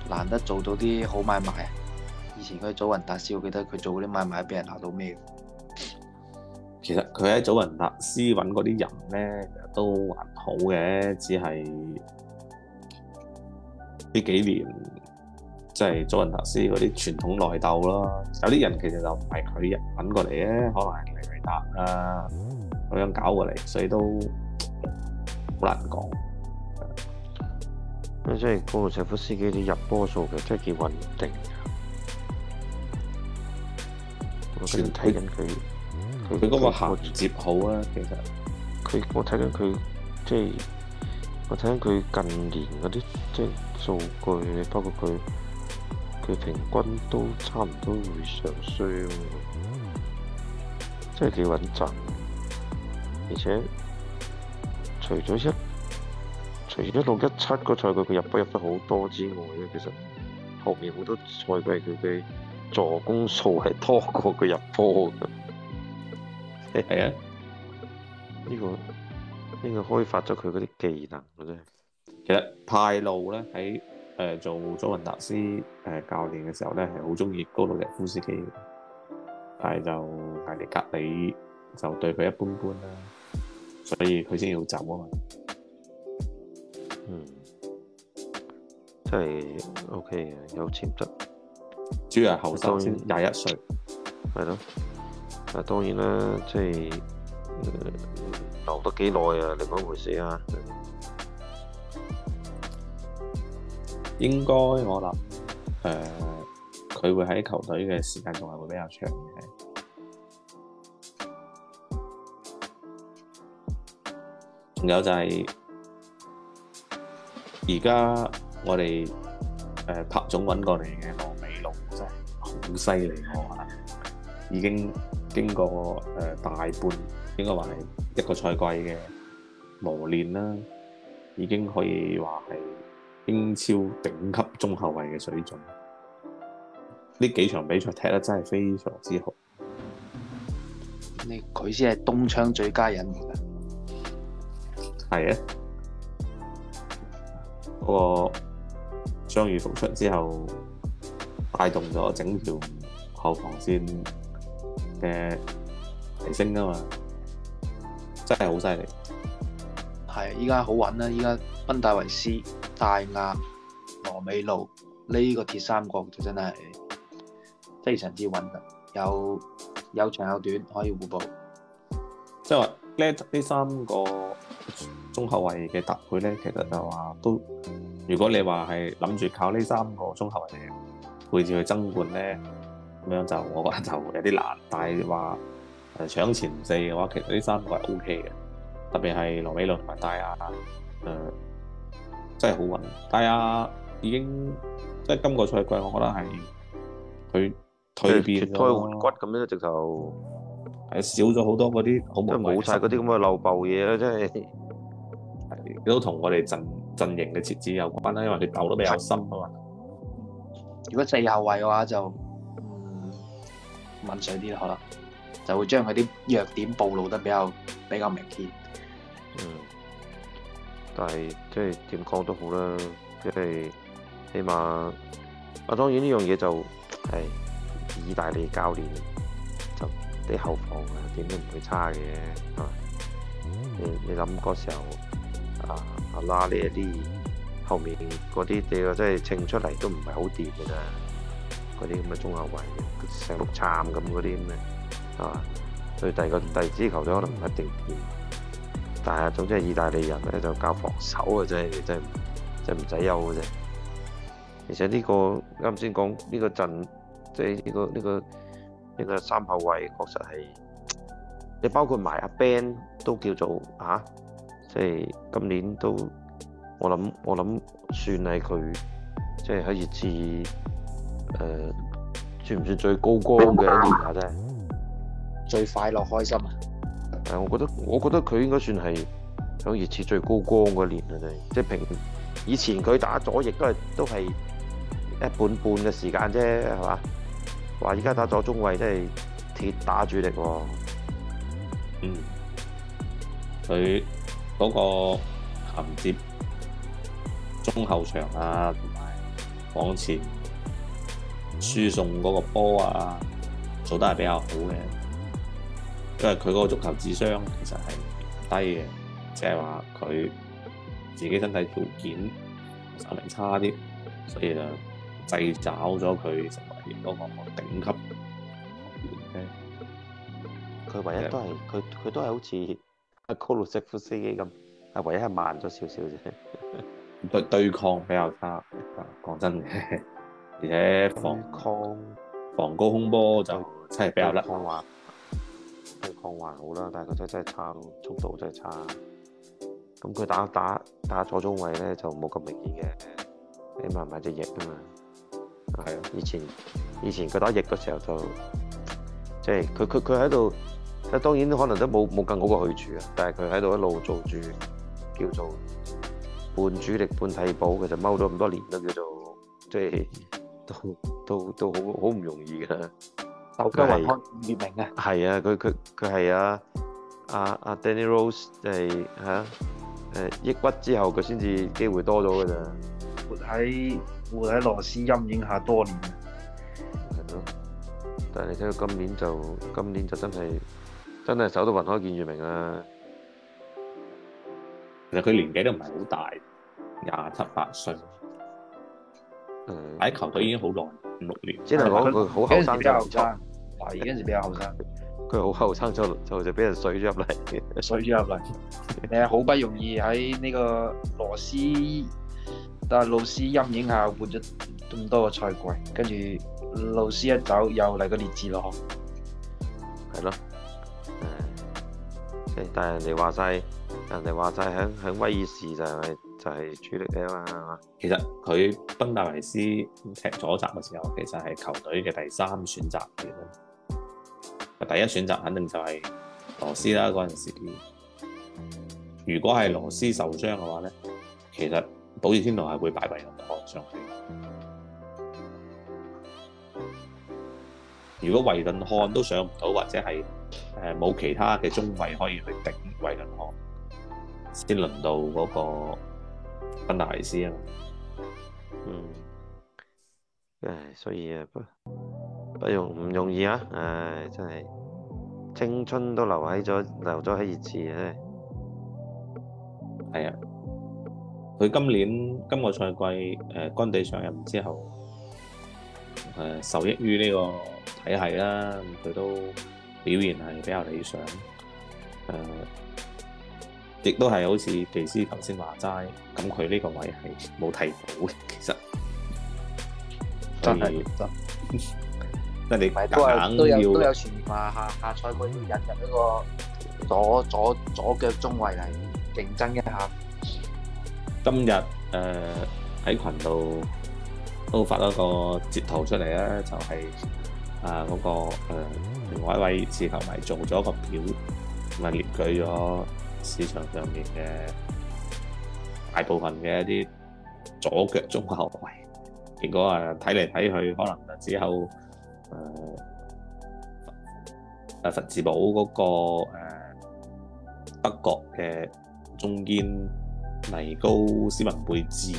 難得做到啲好買賣。以前佢喺祖雲達斯，我記得佢做嗰啲買賣俾人鬧到咩？其實佢喺祖雲達斯揾嗰啲人咧，都還好嘅，只係呢幾年。即係祖雲達斯嗰啲傳統內鬥啦，有啲人其實就唔係佢入揾過嚟嘅，可能係雷達啊咁樣搞過嚟，所以都好難講。即係古盧石夫斯基啲入波數據，真係幾穩定嘅。我最近睇緊佢，佢嗰個銜接好啊。其實佢我睇緊佢，即係我睇緊佢近年嗰啲即係數據，包括佢。佢平均都差唔多會上雙喎、欸，即、嗯、係幾穩陣。而且除咗一除一到一七一六一七個賽季佢入波入得好多之外咧，其實後面好多賽季佢嘅助攻數係多過佢入波嘅。係啊的，呢、呢個呢、呢個開發咗佢嗰啲技能嘅啫。其實派路咧喺。誒、呃，做中文達斯誒、呃、教練嘅時候咧，係好中意高盧熱夫斯基，但係就艾迪隔里就對佢一般般啦，所以佢先要走啊嘛。嗯，即係 O.K. 有潛質即、呃、啊，有潛質，主要係後生先廿一歲，係咯。啊，當然啦，即係留得幾耐啊，另一回事啊。應該我諗，誒、呃、佢會喺球隊嘅時間仲係會比較長嘅。仲有就係而家我哋拍柏總揾過嚟嘅羅美龍真係好犀利，我覺得已經經過大半，應該話係一個賽季嘅磨練啦，已經可以話係英超頂級中後衞嘅水準，呢幾場比賽踢得真係非常之好。佢先係冬窗最佳引援啊，係啊，嗰個傷愈復出之後，帶動咗整條後防線嘅提升啊嘛，真係好犀利。係，依家好穩啦！依家賓戴維斯，大亞羅美路呢個鐵三角就真係非常之穩陣，有有長有短，可以互補。即係話呢呢三個中後衞嘅搭配咧，其實就話都，如果你話係諗住靠呢三個中後衞配置去爭冠咧，咁樣就我覺得就有啲難。但係話搶前四嘅話，其實呢三個係 O K 嘅，特別係羅美路同埋大亞，誒。真係好運，但係阿、啊、已經即係今個賽季，我覺得係佢蛻變，脫胎換骨咁樣，直頭係少咗好多嗰啲好冇曬嗰啲咁嘅漏暴嘢啦，真係都同我哋陣陣型嘅設置有關啦，因為你鬥得比較深啊嘛。如果四後衞嘅話就、嗯、敏水啲咯，可能就會將佢啲弱點暴露得比較比較明顯。嗯。但係即係點講都好啦，即係起碼啊，當然呢樣嘢就係意大利教練就你後防啊點都唔會差嘅係嘛？嗯，你你諗嗰時候啊阿拉呢啲後面嗰啲嘢即係稱出嚟都唔係好掂嘅啦，嗰啲咁嘅中後衛成碌杉咁嗰啲咩係嘛？所以第二個第二支球隊可能唔一定掂。但係，總之係意大利人咧，就教防守啊！真係真係真係唔使憂嘅啫。而且呢個啱先講呢個陣，即係呢個呢個呢個三後衛，確實係你包括埋阿 Ben 都叫做啊！即係今年都我諗我諗算係佢即係喺熱刺誒，算唔算最高光嘅一年啊？真係最快樂開心啊！但係我覺得，我覺得佢應該算係響熱刺最高光嗰年啦，真係。即係平以前佢打左翼都係都係一半半嘅時間啫，係嘛？話依家打左中衞真係鐵打主力喎。嗯，佢嗰個銜接中後場啊，同埋往前輸送嗰個波啊，做得係比較好嘅。因為佢嗰個足球智商其實係低嘅，就係話佢自己身體條件、實力差啲，所以就製造咗佢成為嗰個頂級。佢、okay。唯一都係佢都係好似阿科魯什夫斯基咁，係唯一係慢咗少少啫。對對抗比較差，講真嘅， 而且防擊防高空波就真係比較甩。抗還好啦，但係佢仔真係差咯，速度真係差。咁佢打打打左中衛咧就冇咁明顯嘅，起碼唔係只翼啊嘛。係啊的，以前以前佢打翼嘅時候就，即係佢佢佢喺度，即當然可能都冇冇更好嘅去處啊。但係佢喺度一路做住叫做半主力半替補，佢就踎咗咁多年都叫做即係、就是、都都都好好唔容易噶。守到雲開見月明嘅，係啊！佢佢佢係啊！阿阿 Danny Rose 係嚇誒抑鬱之後，佢先至機會多咗嘅咋。活喺活喺羅斯陰影下多年，啊，但係你睇到今年就今年就真係真係守到雲開見月明啊，其實佢年紀都唔係好大，廿七八歲，誒喺的球隊已經好耐。只能講佢好後生，佢好後生，係對，嗰陣他時比較後生，佢好後生就就就俾人水咗入嚟，水咗入嚟。你係好不容易喺呢個羅斯，但係羅斯陰影下換咗咁多個賽季，跟住羅斯一走又嚟個列治朗，係咯、嗯，但係人哋話晒，人哋話晒響響威爾士就係。是就係主力嚟啊嘛，其實佢奔大維斯踢左閘嘅時候，其實係球隊嘅第三選擇嚟咯。第一選擇肯定就係羅斯啦。嗰陣時候，如果係羅斯受傷嘅話呢，其實保爾天奴係會擺俾韋頓漢上去。如果韋頓漢都上唔到，或者係誒冇其他嘅中衞可以去頂韋頓漢，先輪到嗰、那個。不戴維斯啊，嗯，誒，所以啊不，不容唔容易啊，誒，真係青春都留喺咗，留咗喺熱刺啊，係啊，佢今年今個賽季誒，干地上任之後，誒，受益於呢個體系啦，佢都表現係比較理想，誒。亦都係好似技師頭先話齋，咁佢呢個位係冇替補嘅，其實真係真。嗯、 但係都，都有都有都有傳話下下賽季要引入一個左左左腳中衞嚟競爭一下。今日誒喺、呃、群度都，都發咗個截圖出嚟咧，就係啊嗰個另外、呃嗯、一位球迷做咗個表，同埋列舉咗。市場上面嘅大部分嘅一啲左腳中後衞，結果啊睇嚟睇去，可能就只有誒呃十字堡嗰、嗰個北、呃、德國嘅中堅尼高斯文貝治，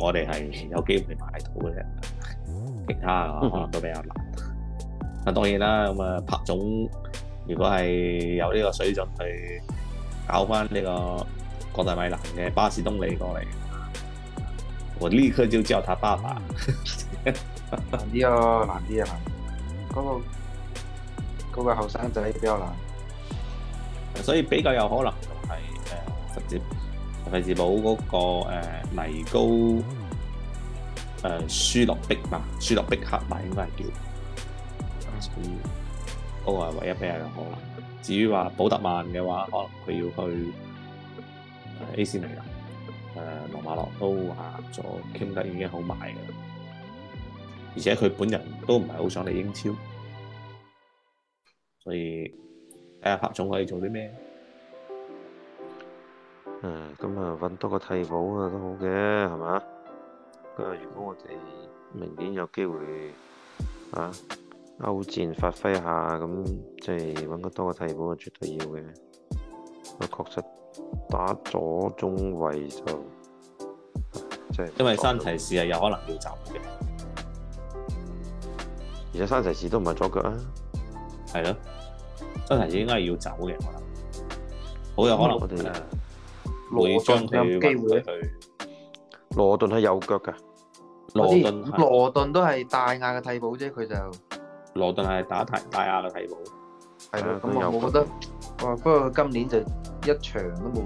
我哋係有機會買到嘅，嗯、其他嘅話可能都比較難。啊、嗯哼，當然啦，咁啊，柏總。如果係有呢個水準去搞返呢個國際米蘭嘅巴士東里過嚟，我呢刻就叫他爸爸。 難啲咯，難啲啊，難啊。嗰、啊那個嗰、那個後生仔比較難，所以比較有可能仲係誒直接費士堡嗰個誒尼、呃、高誒舒洛碧嘛，舒洛碧克嘛，應該係叫。嗰個、哦、唯一俾人可能。至於話保達曼嘅話，可能佢要去 AC 米蘭啊。誒、呃、羅馬諾都話咗傾得已經好埋嘅，而且佢本人都唔係好想嚟英超，所以誒柏總可以做啲咩？誒咁啊，揾多個替補啊都好嘅，係嘛？咁啊，如果我哋明年有機會啊，歐戰發揮下咁，即係搵個多個替補啊，絕對要嘅。我確實打咗中衛就即係，因為山齊士係有可能要走嘅、嗯。而且山齊士都唔係左腳啊，係咯，山齊士應該係要走嘅，我諗，好有可能啊，我哋羅頓會將佢挖走佢。羅頓係右腳噶，羅頓羅頓都係大亞嘅替補啫，佢就。羅頓係打替大亞嘅替補，係啦。咁啊，我覺得哇，不過今年就一場都冇，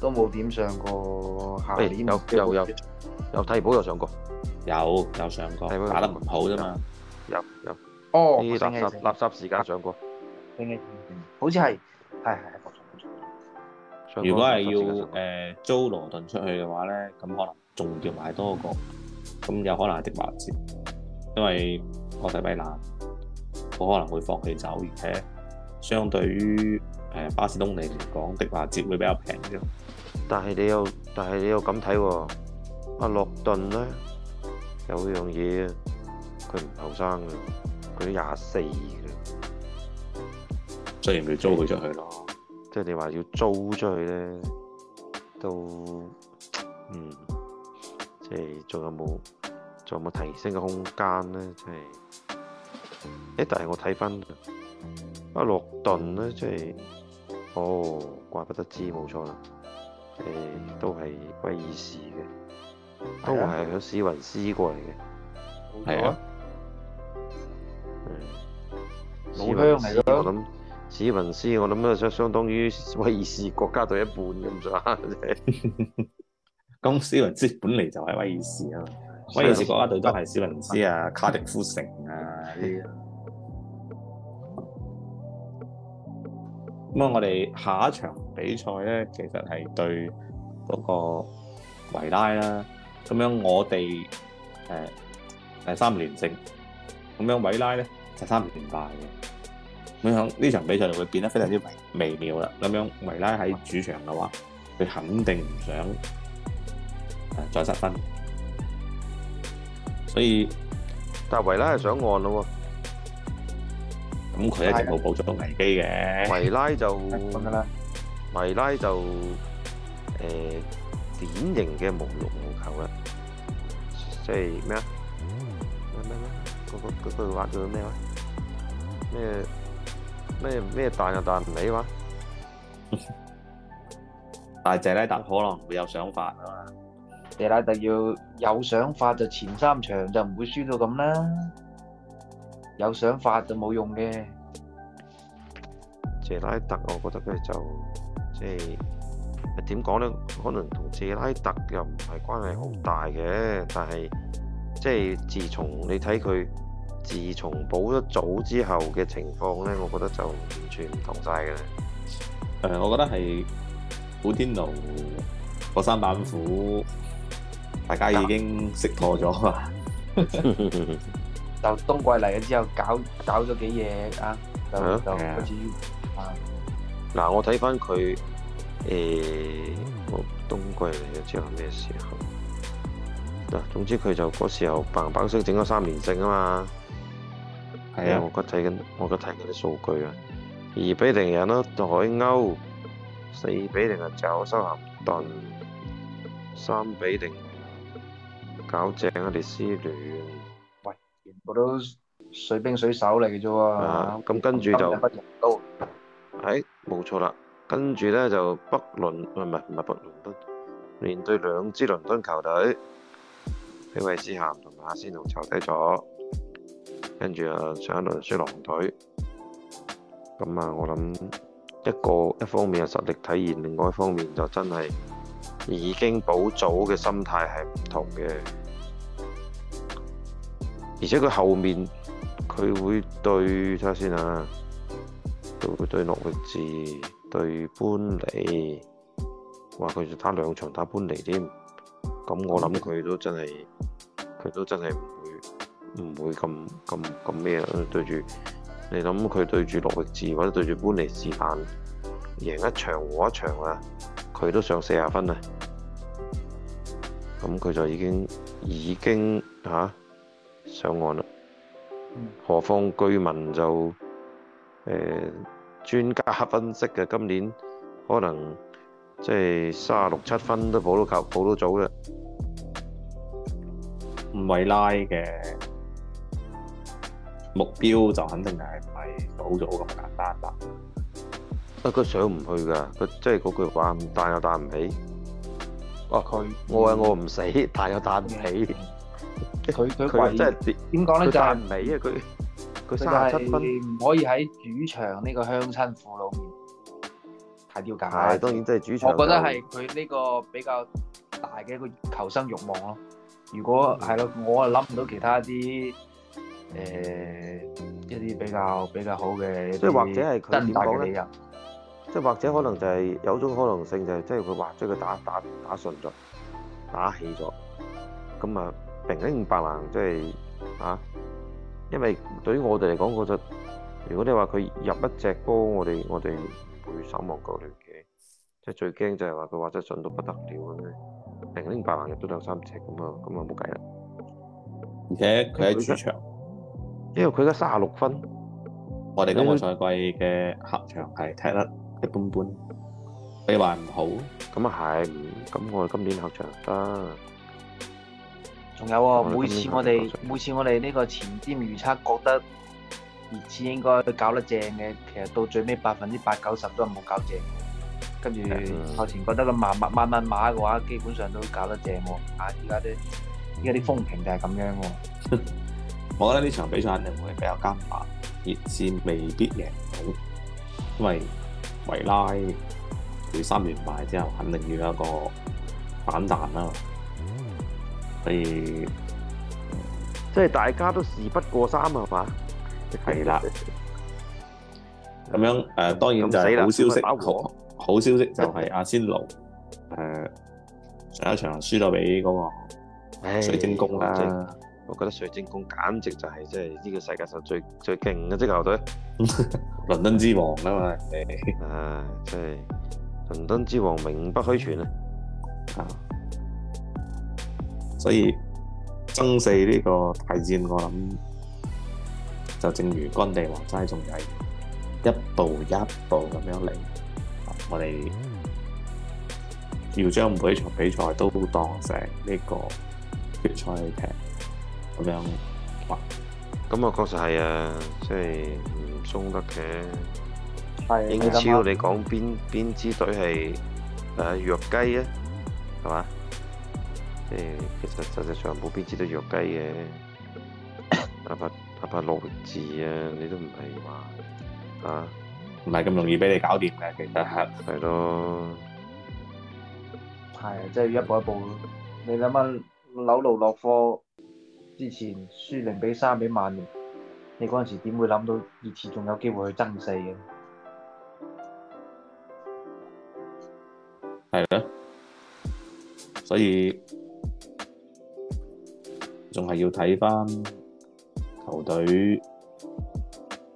都冇點上過。下年又又有替補又上過，有有上過，打得唔好啫嘛。有有，哦，垃圾垃圾時間上過，好似係係係。如果係要誒租羅頓出去嘅話咧，咁可能仲要買多個，咁有可能係迪馬斯，因為。我睇米蘭，我可能會放佢走，而且相對於巴士東尼嚟講的話，折會比較平啲。但係你又、啊，但係你又咁睇喎？阿洛頓呢，有樣嘢，佢唔後生嘅，佢都廿四嘅，所以咪租佢出去咯。即係、就是就是、你話要租出去呢，都嗯，即係仲有冇仲有冇提升嘅空間呢？即係。誒、欸，但係我睇翻阿洛頓咧，即係、就是、哦，怪不得知冇錯啦，誒、欸，都係威爾士嘅，啊、都係響史雲斯過嚟嘅。係啊，老鄉嚟嘅，我諗史雲斯，我諗都相相當於威爾士國家隊一半咁咋，咁 史雲 斯本嚟就係威爾士啊。我以前國家隊都係史雲斯啊、卡迪夫城啊啲。咁我哋下一場比賽呢，其實係對嗰個維拉啦。咁樣我哋、呃、係第三連勝，咁樣維拉呢，就三連敗嘅。咁樣呢場比賽就會變得非常之微妙啦。咁樣維拉喺主場嘅話，佢肯定唔想再失分。所以，但係維拉係上岸咯喎，咁佢、嗯嗯、一直冇捕捉到危機嘅。的維拉就，我了維拉就，誒、呃，典型嘅無慾無求嘅，即係咩啊？咩咩？嗰句話叫做咩話？咩咩咩彈就彈唔起話？大姐拉達可能會有想法啊嘛。謝拉特要有想法就前三場就唔會輸到咁啦。有想法就冇用嘅。謝拉特，我覺得咧就即係點講咧，可能同謝拉特又唔係關係好大嘅，但係即係自從你睇佢自從保咗組之後嘅情況咧，我覺得就完全唔同晒嘅啦。誒，我覺得係古天奴個三板斧。大家已經識破咗啊！就冬季嚟咗之後，搞搞咗幾嘢啊，就就開始。嗱、啊啊啊，我睇翻佢誒，冬季嚟咗之後咩時候？嗱，總之佢就嗰時候嘭嘭聲整咗三連勝啊嘛。係啊，啊，我都睇緊，我都睇緊啲數據啊。二比零贏咯，0, 海鷗四比零，嘅就修咸頓三比零。搞正我哋私聯，喂，全部都水兵水手嚟嘅啫喎。啊，咁跟住就，今日不人多。係，冇錯啦。跟住咧就北倫，唔係唔係北倫敦，面對兩支倫敦球隊，俾韋斯咸同阿仙奴就低咗，跟住啊上一輪輸狼隊。咁啊，我諗一個一方面係實力體現，另外一方面就真係。已經保早嘅心態係唔同嘅，而且佢後面佢會對睇下先、啊、佢會對對諾域治，對搬嚟，話佢就打兩場打搬嚟添。咁我諗佢都真係佢都真係唔會唔會咁咁咁咩啊？對住你諗佢對住諾域治或者對住搬嚟是但贏一場和一場啊！佢都上四十分啦，咁佢就已經已經嚇上岸啦。何況居民就誒專家分析嘅，今年可能即係三十六七分都保到夠保到組啦，唔係拉嘅目標就肯定係唔係保組咁簡單啦。佢、啊、上唔去噶，佢即係嗰句話，打又打唔起。哦、啊，佢我話我唔死，打、嗯、又打唔起。佢佢佢真係點講咧？呢打啊、就打唔起，因為佢佢三分唔可以喺主場呢個鄉親父老面太了解。係當然即係主場。我覺得係佢呢個比較大嘅一個求生欲望咯、啊。如果係咯、嗯，我啊諗唔到其他啲誒一啲、呃、比較比較好嘅，即係或者係佢點講咧？嗯即或者可能就係、是、有種可能性就係，即係佢話將佢打打打順咗，打起咗，咁啊零零百難即係啊，因為對於我哋嚟講，我就如果你話佢入一隻波，我哋我哋會手忙腳亂嘅，即係 最驚就係話佢話真係順到不得了，零零百難入都兩三隻咁啊，咁啊冇計啦。而且佢喺主場，因為佢而家三十六分，我哋今個賽季嘅客場係踢得。一般般，你話唔好，咁啊係，咁我今年客場得。仲有啊，每次我哋，每次我哋呢個前瞻預測覺得熱刺應該會搞得正嘅，其實到最尾百分之八九十都係冇搞正。跟住後前覺得咁慢慢慢慢馬嘅話，基本上都搞得正喎，但係而家啲而家啲風評就係咁樣喎。我覺得呢場比賽肯定會比較艱難，熱刺未必贏到，因為，維拉佢三連敗之後，肯定要一個反彈啦。所以即係大家都事不過三啊嘛。係啦，咁樣誒，呃嗯、當然就係好消息好。好消息就係阿仙奴誒，嗯、上一場輸咗俾嗰個水晶宮啦。唉我覺得水晶宮簡直就係即呢個世界上最最勁嘅一支球隊，倫 敦之王啊嘛，係 啊，真係倫敦之王名不虛傳啊，啊。所以爭四呢個大戰，我諗就正如干地王齋仲要，一步一步咁樣嚟。我哋要將每一場比賽都當成呢個決賽嚟踢。咁樣，咁啊，確實係啊，即係唔鬆得嘅。英超你講邊邊支隊係弱雞啊？係嘛？即係其實實際上冇邊支隊弱雞嘅，阿伯阿伯羅志啊，你都唔係話啊，唔係咁容易俾你搞掂嘅，其實係。係咯，係即係要一步一步。你諗下紐奴落貨。之前輸零比三比曼聯，你嗰陣時點會諗到熱刺仲有機會去爭四嘅？係咯，所以仲係要睇翻球隊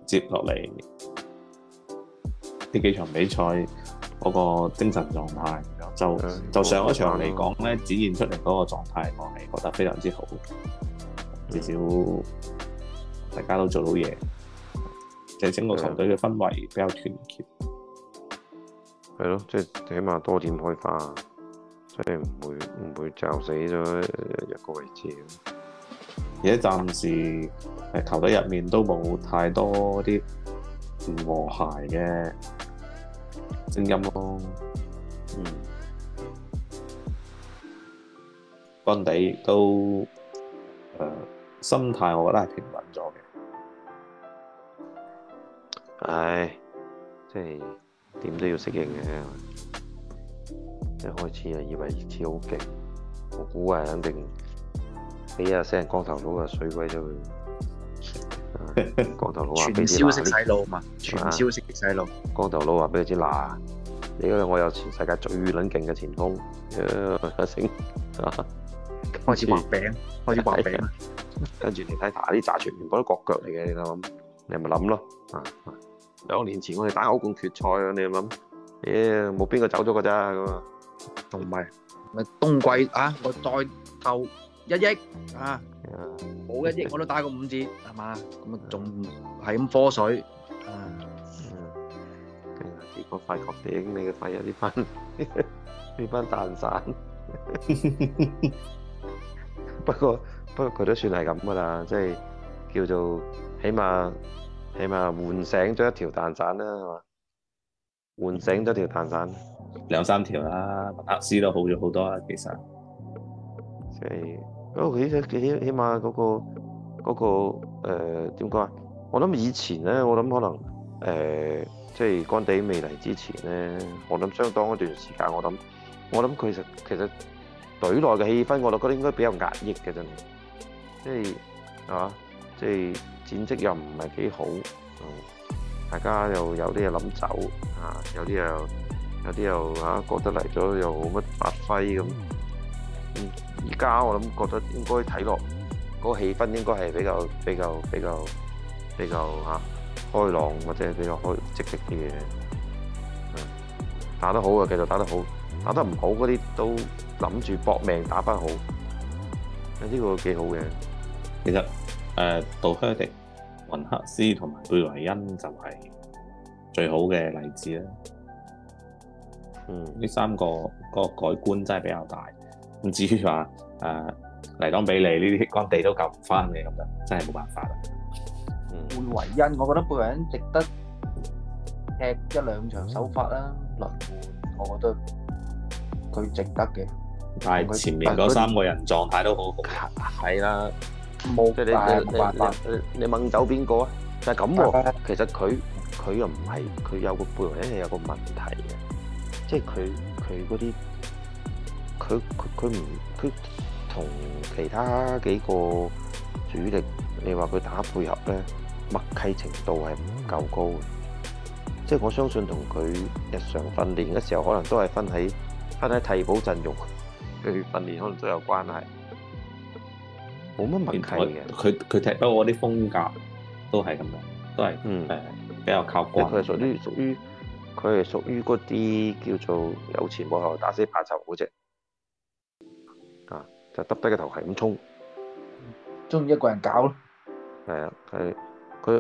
接落嚟呢幾場比賽嗰個精神狀態。就就上一場嚟講咧，嗯、展現出嚟嗰個狀態，我係覺得非常之好。至少大家都做到嘢，就整個球隊嘅氛圍比較團結，係咯，即係起碼多點開花，即係唔會唔會就死咗一個位置咯，而家暫時係球隊入面都冇太多啲唔和諧嘅聲音咯，嗯，安迪都誒。心態我覺得係平穩咗嘅，唉、哎，即係點都要適應嘅。一開始啊，以為熱刺好勁，我估啊肯定，俾一些光頭佬啊水鬼咗佢。光頭佬的水就會啊！傳銷識細路光頭佬話俾佢知嗱，你嗰個我有全世界最撚勁嘅前鋒。啊啊開始畫餅，開始畫餅，跟住你睇下啲炸串全部都割腳嚟嘅，你諗諗，你咪諗咯。啊，兩年前我哋打歐冠決賽，你諗，耶，冇邊個走咗㗎咋咁啊？同埋，咪冬季啊，我再投一億啊，冇一億我都打過五折，係嘛？咁啊，仲係咁科水啊？嗯，結果發角餅，你個肥仔啲番，班蛋散。不過不過佢都算係咁噶啦，即係叫做起碼起碼喚醒咗一條蛋散啦，係嘛？喚醒咗條蛋散，兩三條啦，克斯都好咗好多啦，其實。即係嗰個起起起碼嗰個嗰個點講啊？我諗以前咧，我諗可能誒即係干地未嚟之前咧，我諗相當一段時間，我諗我諗佢實其實。隊內嘅氣氛，我覺得應該比較壓抑嘅，真即係係嘛，即係戰績又唔係幾好，嗯，大家又有啲嘢諗走，啊，有啲又，有啲又嚇，啊，覺得嚟咗又冇乜發揮咁，咁而家我諗覺得應該睇落嗰個氣氛應該係比較比較比較比較嚇開朗或者比較開積極啲嘅，啊，打得好啊，繼續打得好。打得唔好嗰啲都諗住搏命打翻好，呢、這、啲個幾好嘅。其實誒杜克迪、雲克斯同埋貝維恩就係最好嘅例子啦。嗯，呢三個個改觀真係比較大。咁至於話誒嚟講比利呢啲干地都救唔翻嘅，咁就真係冇辦法啦。貝維恩，我覺得貝維恩值得踢一兩場手法啦，輪換、嗯、我覺得。佢值得嘅，但係前面嗰三個人狀態都好好，係啦，冇辦法。不你你問走邊個啊？對就係咁喎。不其實佢佢又唔係佢有個背後咧，有個問題嘅，即係佢佢嗰啲佢佢佢唔佢同其他幾個主力，你話佢打配合咧，默契程度係唔夠高嘅。即係我相信同佢日常訓練嘅時候，可能都係分喺。睇睇替補陣容，佢訓練可能都有關係，冇乜問題嘅。佢踢不過我啲風格都係咁嘅，都係、嗯、比較靠光。佢係屬於屬於佢係屬於嗰啲叫做有前無後，打死排球嗰隻啊，就耷低個頭係咁衝，中意一個人搞咯。係啊，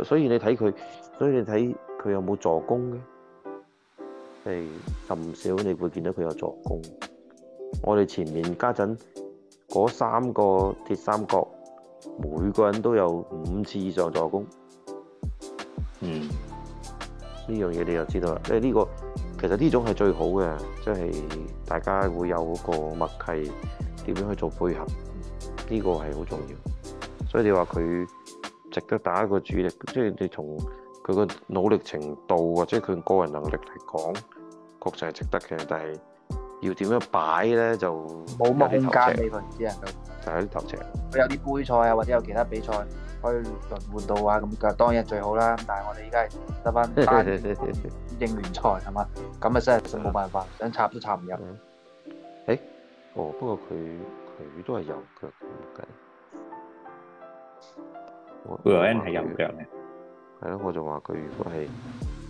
所以你睇佢，所以你睇佢有冇助攻？誒，甚少你會見到佢有助攻。我哋前面加陣嗰三個鐵三角，每個人都有五次以上助攻。嗯，呢樣嘢你就知道啦，呢個其實呢種係最好嘅，即係大家會有嗰個默契，點樣去做配合，呢個係好重要。所以你話佢值得打一個主力，即係你從。佢個努力程度或者佢個人能力嚟講，確實係值得嘅。但係要點樣擺咧，就冇乜空間俾佢啲人就係啲頭像。佢有啲杯賽啊，或者有其他比賽可以輪換到啊，咁當然係最好啦。但係我哋依家係得翻單英聯賽係嘛？咁啊真係冇辦法，想插都插唔入。誒，哦，不過佢佢都係右腳嘅，佢佢有啲係右腳嘅。係咯，我就話佢如果係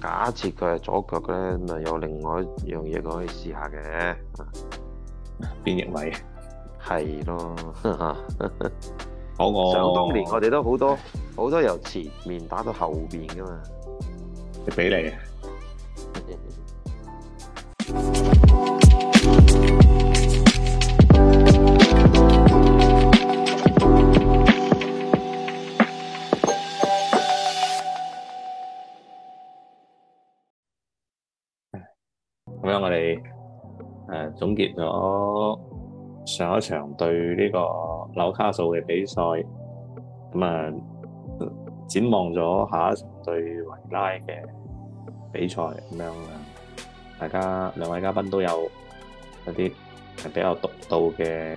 假設佢係左腳咧，咪有另外一樣嘢佢可以試下嘅。邊翼位？係咯是的，講 我。想當年我哋都好多好多由前面打到後邊噶嘛。俾你啊！ 將我哋誒總結咗上一場對呢個紐卡素嘅比賽，咁啊展望咗下一場對維拉嘅比賽咁樣，大家兩位嘉賓都有一啲係比較獨到嘅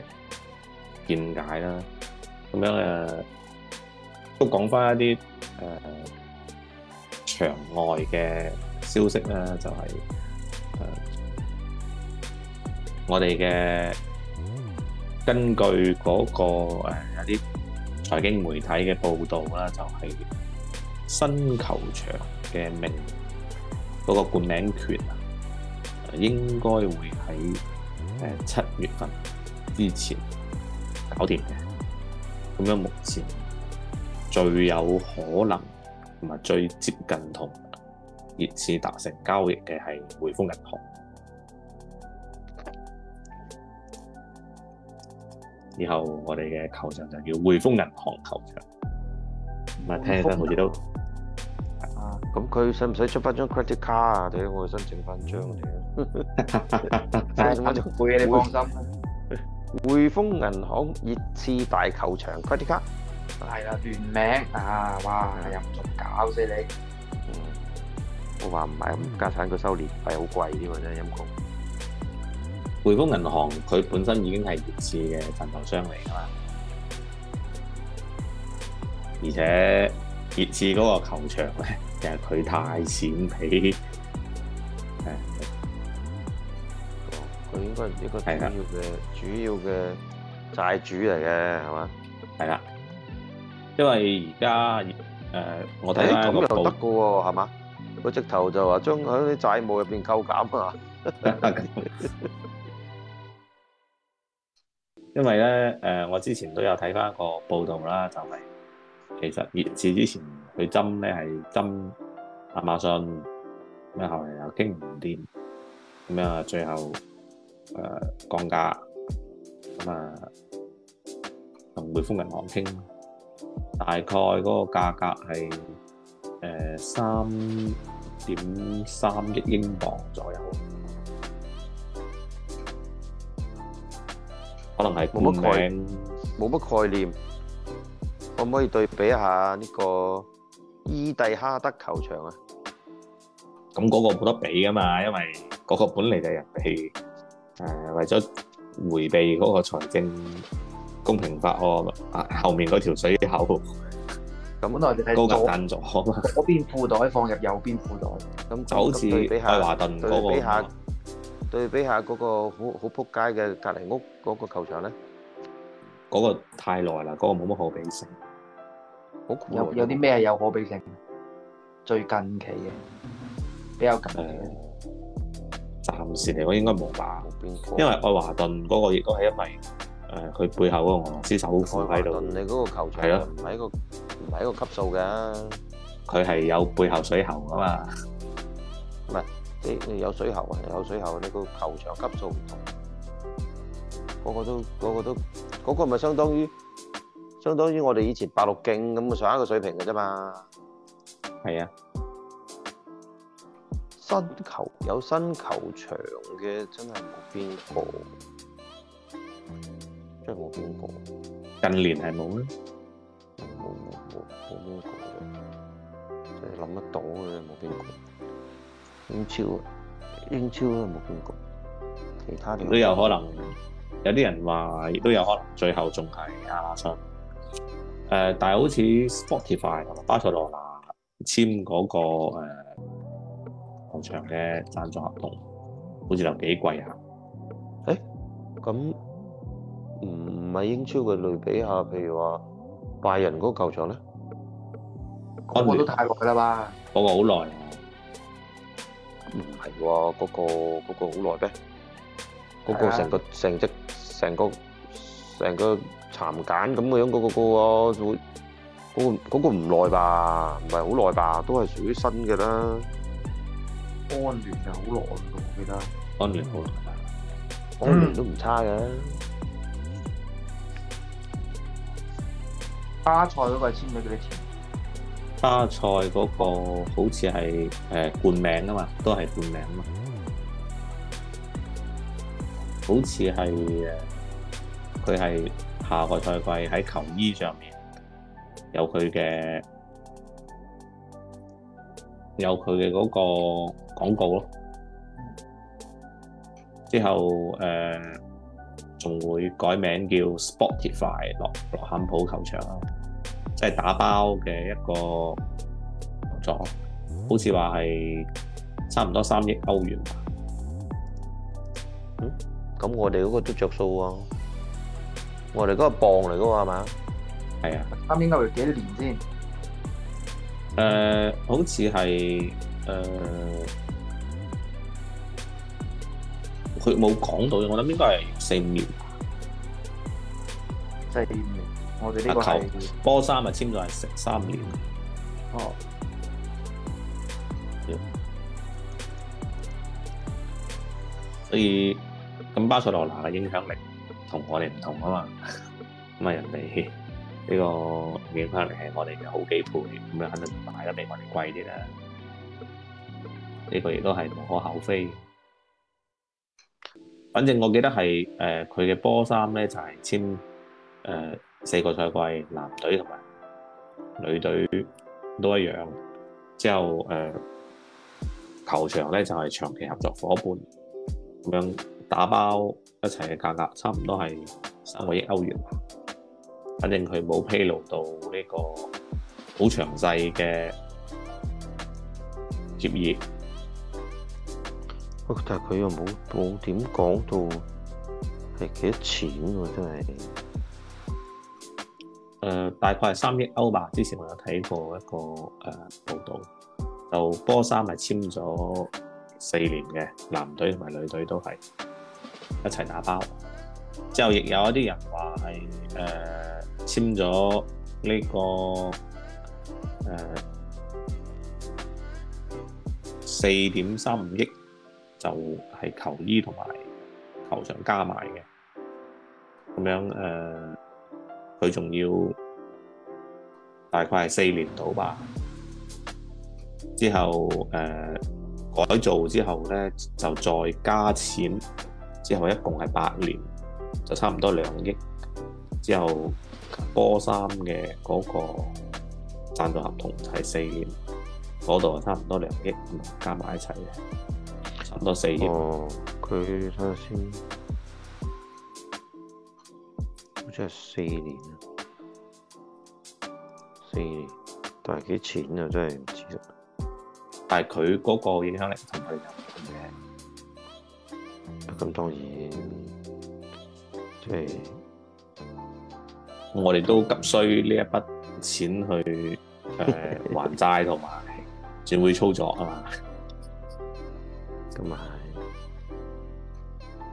見解啦。咁樣，都講返一啲誒場外嘅消息啦，就係、是。我哋嘅、嗯、根據嗰、那個有啲財經媒體嘅報道啦，就係新球場嘅名嗰、那個冠名權應該會喺七月份之前搞掂嘅。咁樣目前最有可能同埋最接近同熱刺達成交易嘅係匯豐銀行，以後我哋嘅球場就叫匯豐銀行球場，咁啊聽起嚟好似都，咁佢使唔使出翻張 credit card 啊？點解我要申請翻張嚟啊？你放心，匯豐銀行熱刺大球場 credit card，係啦聯名啊，哇又唔做搞死你！我話唔係咁，家產佢收年費好貴啲喎，真係陰公。匯豐銀行佢本身已經係熱刺嘅贊助商嚟噶嘛，而且熱刺嗰個球場咧，其實佢貸錢俾係，佢應該一個主要嘅的主要嘅債主嚟嘅，係嘛？係啦，因為而家、呃、我睇翻嗰個，咁又得個，直頭就話將佢啲債務入面扣減啊。 因為咧我之前都有睇翻個報道啦，就係、是、其實熱刺之前佢針咧係針亞馬遜，咁啊後嚟又傾唔掂，咁啊最後誒、呃、降價，咁啊同匯豐銀行傾，大概嗰個價格係、呃、三點三億英鎊左右，可能係冠名冇乜概念，冇乜概念，可唔可以對比一下呢個伊蒂哈德球場啊？咁嗰個冇得比㗎嘛，因為嗰個本嚟就係人哋誒為咗迴避嗰個財政公平法案啊，後面嗰條水喉。咁耐就係高級建築，左邊褲袋放入右邊褲袋，咁就好似愛華頓嗰個。對比下嗰個好好仆街嘅隔離屋嗰個球場咧，嗰個太耐啦，嗰個冇乜可比性。有有啲咩有可比性？最近期嘅比較近。誒，暫時嚟講應該冇吧。因為愛華頓嗰個亦都係因為。誒佢背後嗰個俄羅斯首富喺度，啊、你嗰個球場係咯，唔係個唔係個級數嘅，啊，佢係有背後水喉噶嘛，唔係即係有水喉啊，有水喉，你，喉你個球場級數唔同，個個都個個都嗰個咪相當於相當於我哋以前八六勁咁嘅上一個水平嘅啫嘛，係啊，的新球有新球場嘅真係冇邊個。冇邊個？啊、近年係冇咩？冇冇冇冇邊個？即係諗得到嘅冇邊個？英超，英超都冇邊個？其他啲都、啊、有可能。有啲人話都有可能，最後仲係阿森。誒、呃，但係好似 Spotify 同巴塞羅那簽嗰個誒、呃、場嘅贊助合同，好似又幾貴啊？誒、欸，咁。唔唔係英超嘅，類比下，譬如話拜仁嗰個球場咧，安聯都太耐啦嘛？嗰個好耐，唔係話嗰個嗰個好耐咩？嗰個成個成績，成個成個殘簡咁嘅樣，嗰個個啊，嗰個嗰個唔耐吧？唔係好耐吧？都係屬於新嘅啦。安聯啊，好耐嘅我記得。安聯好耐，安聯都唔差嘅。巴塞嗰個簽咗幾多錢？巴塞嗰個好似係誒冠名啊嘛，都係冠名啊嘛，嗯、好似係誒佢係下個賽季喺球衣上面有佢嘅有佢嘅嗰個廣告咯，之後誒。呃仲會改名叫 Spotify 落落坎普球場，即係打包嘅一個合作，好似話係差唔多三億歐元吧。嗯，咁我哋嗰個都着數啊！我哋嗰個磅嚟噶嘛？係啊，咁應該要幾年先？誒，好似係誒。呃佢冇講到嘅，我諗應該係四五年，即係五。我哋呢個係波衫咪簽咗係成三年。哦。所以咁巴塞羅那嘅影響力我們不同、 這個、我哋唔同啊嘛，咁啊人哋呢個影響力係我哋嘅好幾倍，咁啊肯定賣得比我哋貴啲啦。呢、這個亦都係無可厚非。反正我記得係誒佢嘅波衫咧就係、是、簽、呃、四個賽季男隊同埋女隊都一樣。之後、呃、球場咧就係、是、長期合作伙伴咁樣打包一齊嘅價格差唔多係三個億歐元，反正佢冇披露到呢個好詳細嘅協議。但係佢又冇冇點講到係幾多錢喎、啊？真係、呃、大概係三億歐吧。之前我有睇過一個、呃、報道，就波衫係簽咗四年嘅男隊同埋女隊都係一齊打包。之後亦有一啲人話係簽了咗、這、呢個四點三五億。就係球衣同埋球場加埋嘅咁樣，誒，佢、呃、仲要大概係四年到吧。之後誒、呃、改造之後呢，就再加錢，之後一共係八年，就差唔多兩億。之後波衫嘅嗰個贊助合同就係四年，嗰度啊，差唔多兩億，加埋一齊嘅。多四年。哦，佢睇下先，好似係四年啊，四年，但係幾錢啊？真係唔知咯。但係佢嗰個影響力同我哋有唔同嘅。咁當然，即係我哋都急需呢一筆錢去誒、 uh, 還債同埋轉會操作 咁啊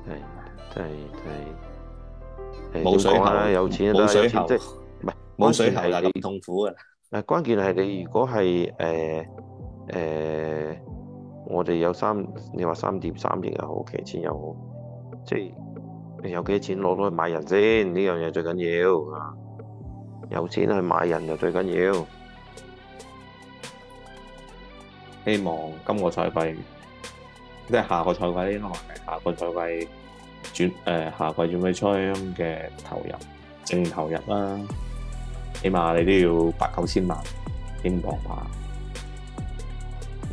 係，係真係真係冇水啦，有錢都係錢，即係唔係冇水喉嗱，你痛苦啊！啊，關鍵係你如果係誒誒，我哋有三，你話三點三億又好，幾錢又好，即係你有幾錢攞到去買人先，呢樣嘢最緊要啊！有錢去買人就最緊要，希望今個賽季。即係下個賽季啲內，下個賽季轉誒、呃、下季轉會窗嘅投入，淨投入啦、啊，起碼你都要八九千萬英鎊吧。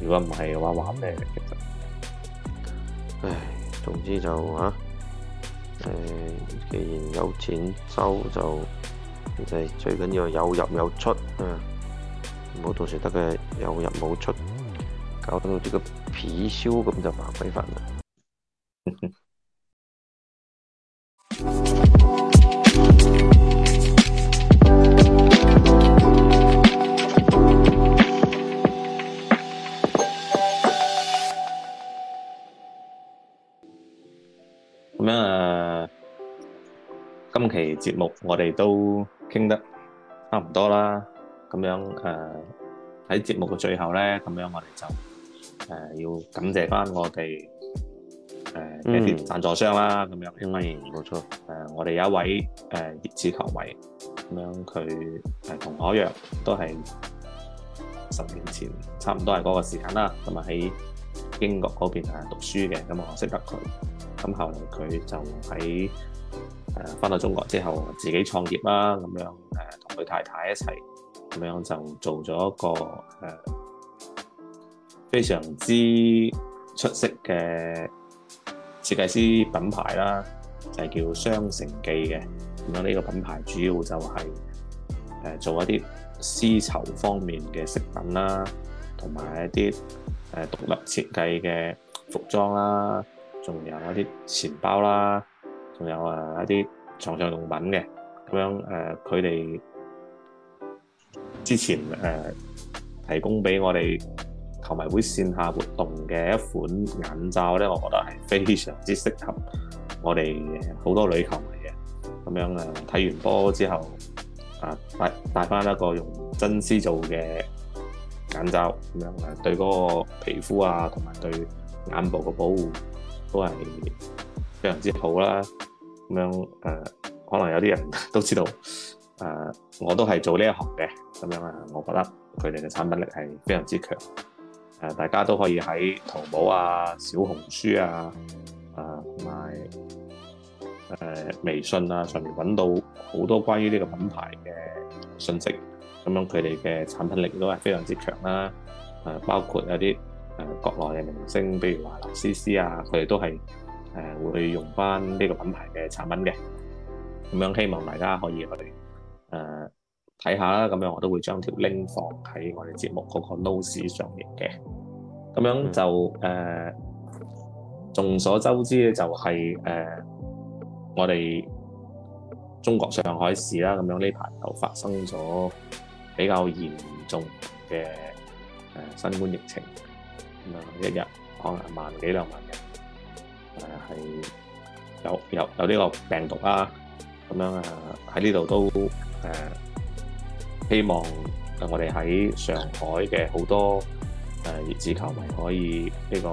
如果唔係嘅話，玩咩？唉，總之就吓，誒、啊，既然有錢收就，就最緊要有入有出，嗯、啊，唔好到時得嘅有入冇出，搞到啲、呢個。貔貅咁就反規範啦。咁樣啊，今期節目我哋都傾得差唔多啦。咁樣誒、啊，喺節目嘅最後咧，咁樣我哋就。誒、呃，要感謝翻我哋誒一啲贊助商啦，咁樣，因為冇錯，誒、呃，我哋有一位誒熱刺球迷，咁、呃、樣佢誒同我一樣，都係十年前差唔多係嗰個時間啦，咁啊喺英國嗰邊誒、啊、讀書嘅，咁我識得佢，咁後嚟佢就喺誒翻到中國之後自己創業啦，咁樣誒同佢太太一齊，咁樣就做咗一個誒。呃非常之出色嘅設計師品牌啦，就係、是、叫雙城記嘅。咁樣呢個品牌主要就係、是呃、做一啲絲綢方面嘅飾品啦，同埋一啲獨獨立設計嘅服裝啦，仲有一啲錢包啦，仲有一啲床上用品嘅。咁樣、呃、他佢哋之前、呃、提供俾我哋。球迷會線下活動嘅一款眼罩咧，我覺得係非常之適合我哋好多女球迷嘅咁樣啊。睇完波之後啊，戴戴翻一個用真絲做嘅眼罩咁樣啊，對嗰個皮膚啊，同埋對眼部嘅保護都係非常之好啦。咁樣誒、呃，可能有啲人都知道誒、呃，我都係做呢一行嘅咁樣啊。我覺得佢哋嘅產品力係非常之強，誒，大家都可以喺淘寶啊、小紅書啊、啊同埋微信啊上面揾到好多關於呢個品牌嘅信息，咁樣佢哋嘅產品力都係非常之強啦、啊啊。包括一啲誒、啊、國內嘅明星，比如話劉詩詩啊，佢哋都係誒、啊、會用翻呢個品牌嘅產品嘅。咁樣希望大家可以去誒、啊睇下啦，咁樣我都會將條 link 放喺我哋節目嗰個 notice 上面嘅。咁樣就誒、呃，眾所周知咧、就係，就係誒我哋中國上海市啦。咁樣呢排又發生咗比較嚴重嘅誒新冠疫情咁啊，一日可能萬幾兩萬人誒係有有有呢個病毒啦。咁樣啊，喺呢度都誒。希望我哋喺上海嘅好多誒熱刺球迷可以呢、這個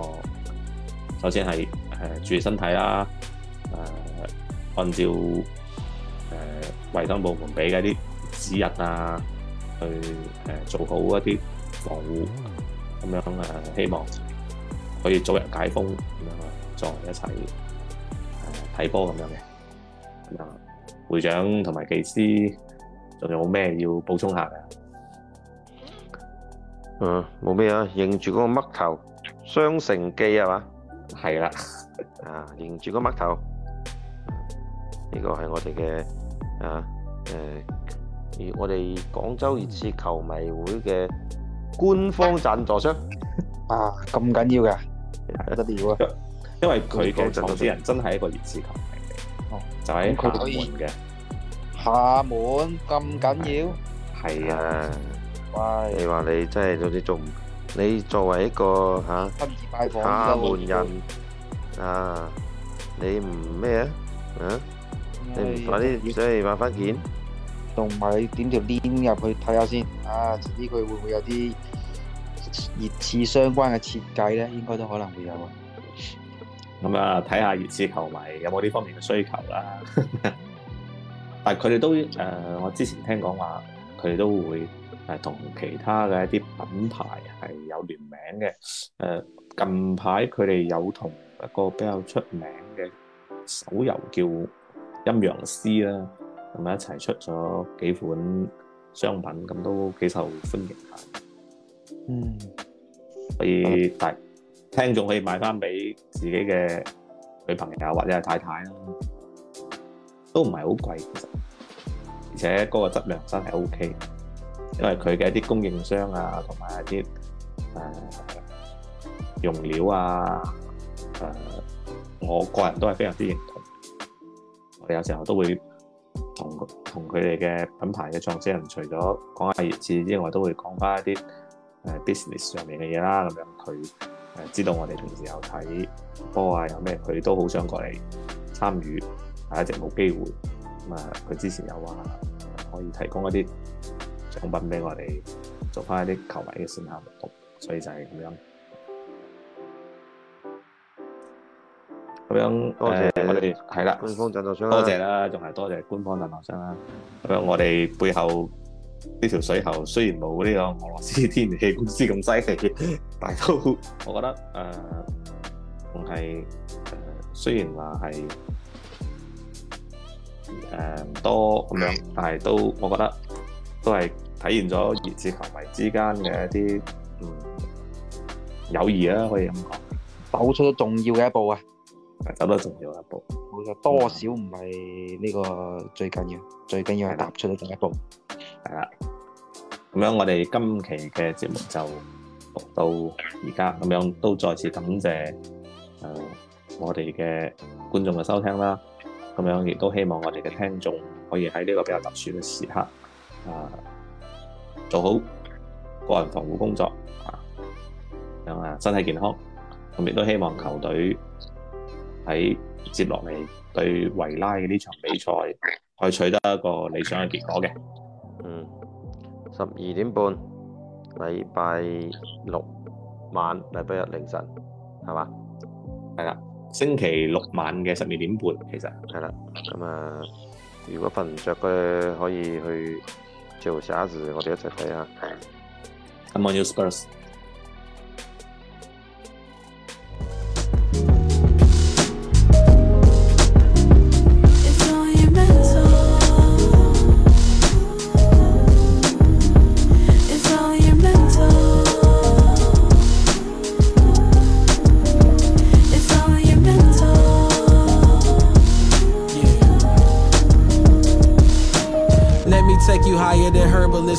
首先係誒注意身體啦，誒、啊、按照誒衞生部門俾嘅啲指引呀、啊，去誒做好一啲防護，咁樣希望可以早日解封，咁啊再一齊睇波咁樣嘅。啊，咁樣會長同埋技師。仲有咩要補充一下噶？嗯，冇咩的 啊，認住嗰個嘜頭，雙成記係嘛？係啦，啊，認住個嘜頭，呢個係我哋嘅啊，誒，我哋廣州熱刺球迷會嘅官方贊助商啊，咁緊要嘅， 不得了啊！ 因為佢嗰個創始人真係一個熱刺球迷，哦、就喺球門嘅。廈、啊、門咁緊要？係啊，啊啊你話你真係總之做唔，你作為一個吓，啊、拜訪廈門人啊，你唔咩嘢？嗯，你唔快啲即係買翻件，同埋點條 link 入去睇下先。啊，遲啲佢會唔會有啲熱刺相關嘅設計咧？應該都可能會有啊。咁啊，睇下熱刺球迷有冇呢方面嘅需求啦、啊。 但係佢哋都誒、呃，我之前聽講話，佢哋都會誒同其他嘅一啲品牌係有聯名嘅。誒、呃、近排佢哋有同一個比較出名嘅手遊叫《陰陽師》啦、啊，咁啊一齊出咗幾款商品，咁都幾受歡迎下。嗯，所以大、嗯、聽眾可以買翻俾自己嘅女朋友或者係太太啦。都唔係好貴，其實而且嗰個質量真係 OK，因為佢嘅一啲供應商啊，同埋一啲、呃、用料啊、呃，我個人都係非常之認同的。我有時候都會同同佢哋嘅品牌嘅創始人，除咗講下熱刺之外，都會講返一啲、呃、business 上面嘅嘢啦。咁樣佢知道我哋平時有睇波啊，有咩佢都好想過嚟參與。係一直冇機會，佢、嗯、之前有話可以提供一啲獎品俾我哋做一啲球迷嘅線下活動，所以就係咁樣。咁樣多謝我哋係啦，呃、多謝啦，仲係了、啊、多，多謝官方贊助商啦。我哋背後呢條水喉雖然冇呢個俄羅斯天然氣公司咁犀利，但係我覺得誒、仲係、雖然話係。誒，唔多咁樣，但係都我覺得都係體現咗熱刺球迷之間嘅一啲友誼啊，可以咁講，走出咗重要嘅一步啊，走咗重要一步，多少唔係呢個最緊要，最緊要係踏出咗重要一步，係啦。咁樣我哋今期嘅節目就到而家咁樣，都再次感謝誒我哋嘅觀眾嘅收聽啦。咁樣亦都希望我哋嘅聽眾可以喺呢個比較特殊嘅時刻，啊，做好個人防護工作，啊，身體健康。咁亦都希望球隊喺接落嚟對維拉嘅呢場比賽，可以取得一個理想嘅結果嘅。嗯，十二點半，禮拜六晚，禮拜日凌晨，係嘛？係啦。星期六晚嘅十二點半，其實係啦。咁啊，如果瞓唔著嘅，可以去做沙士，我哋一齊睇啊！Come on you Spurs。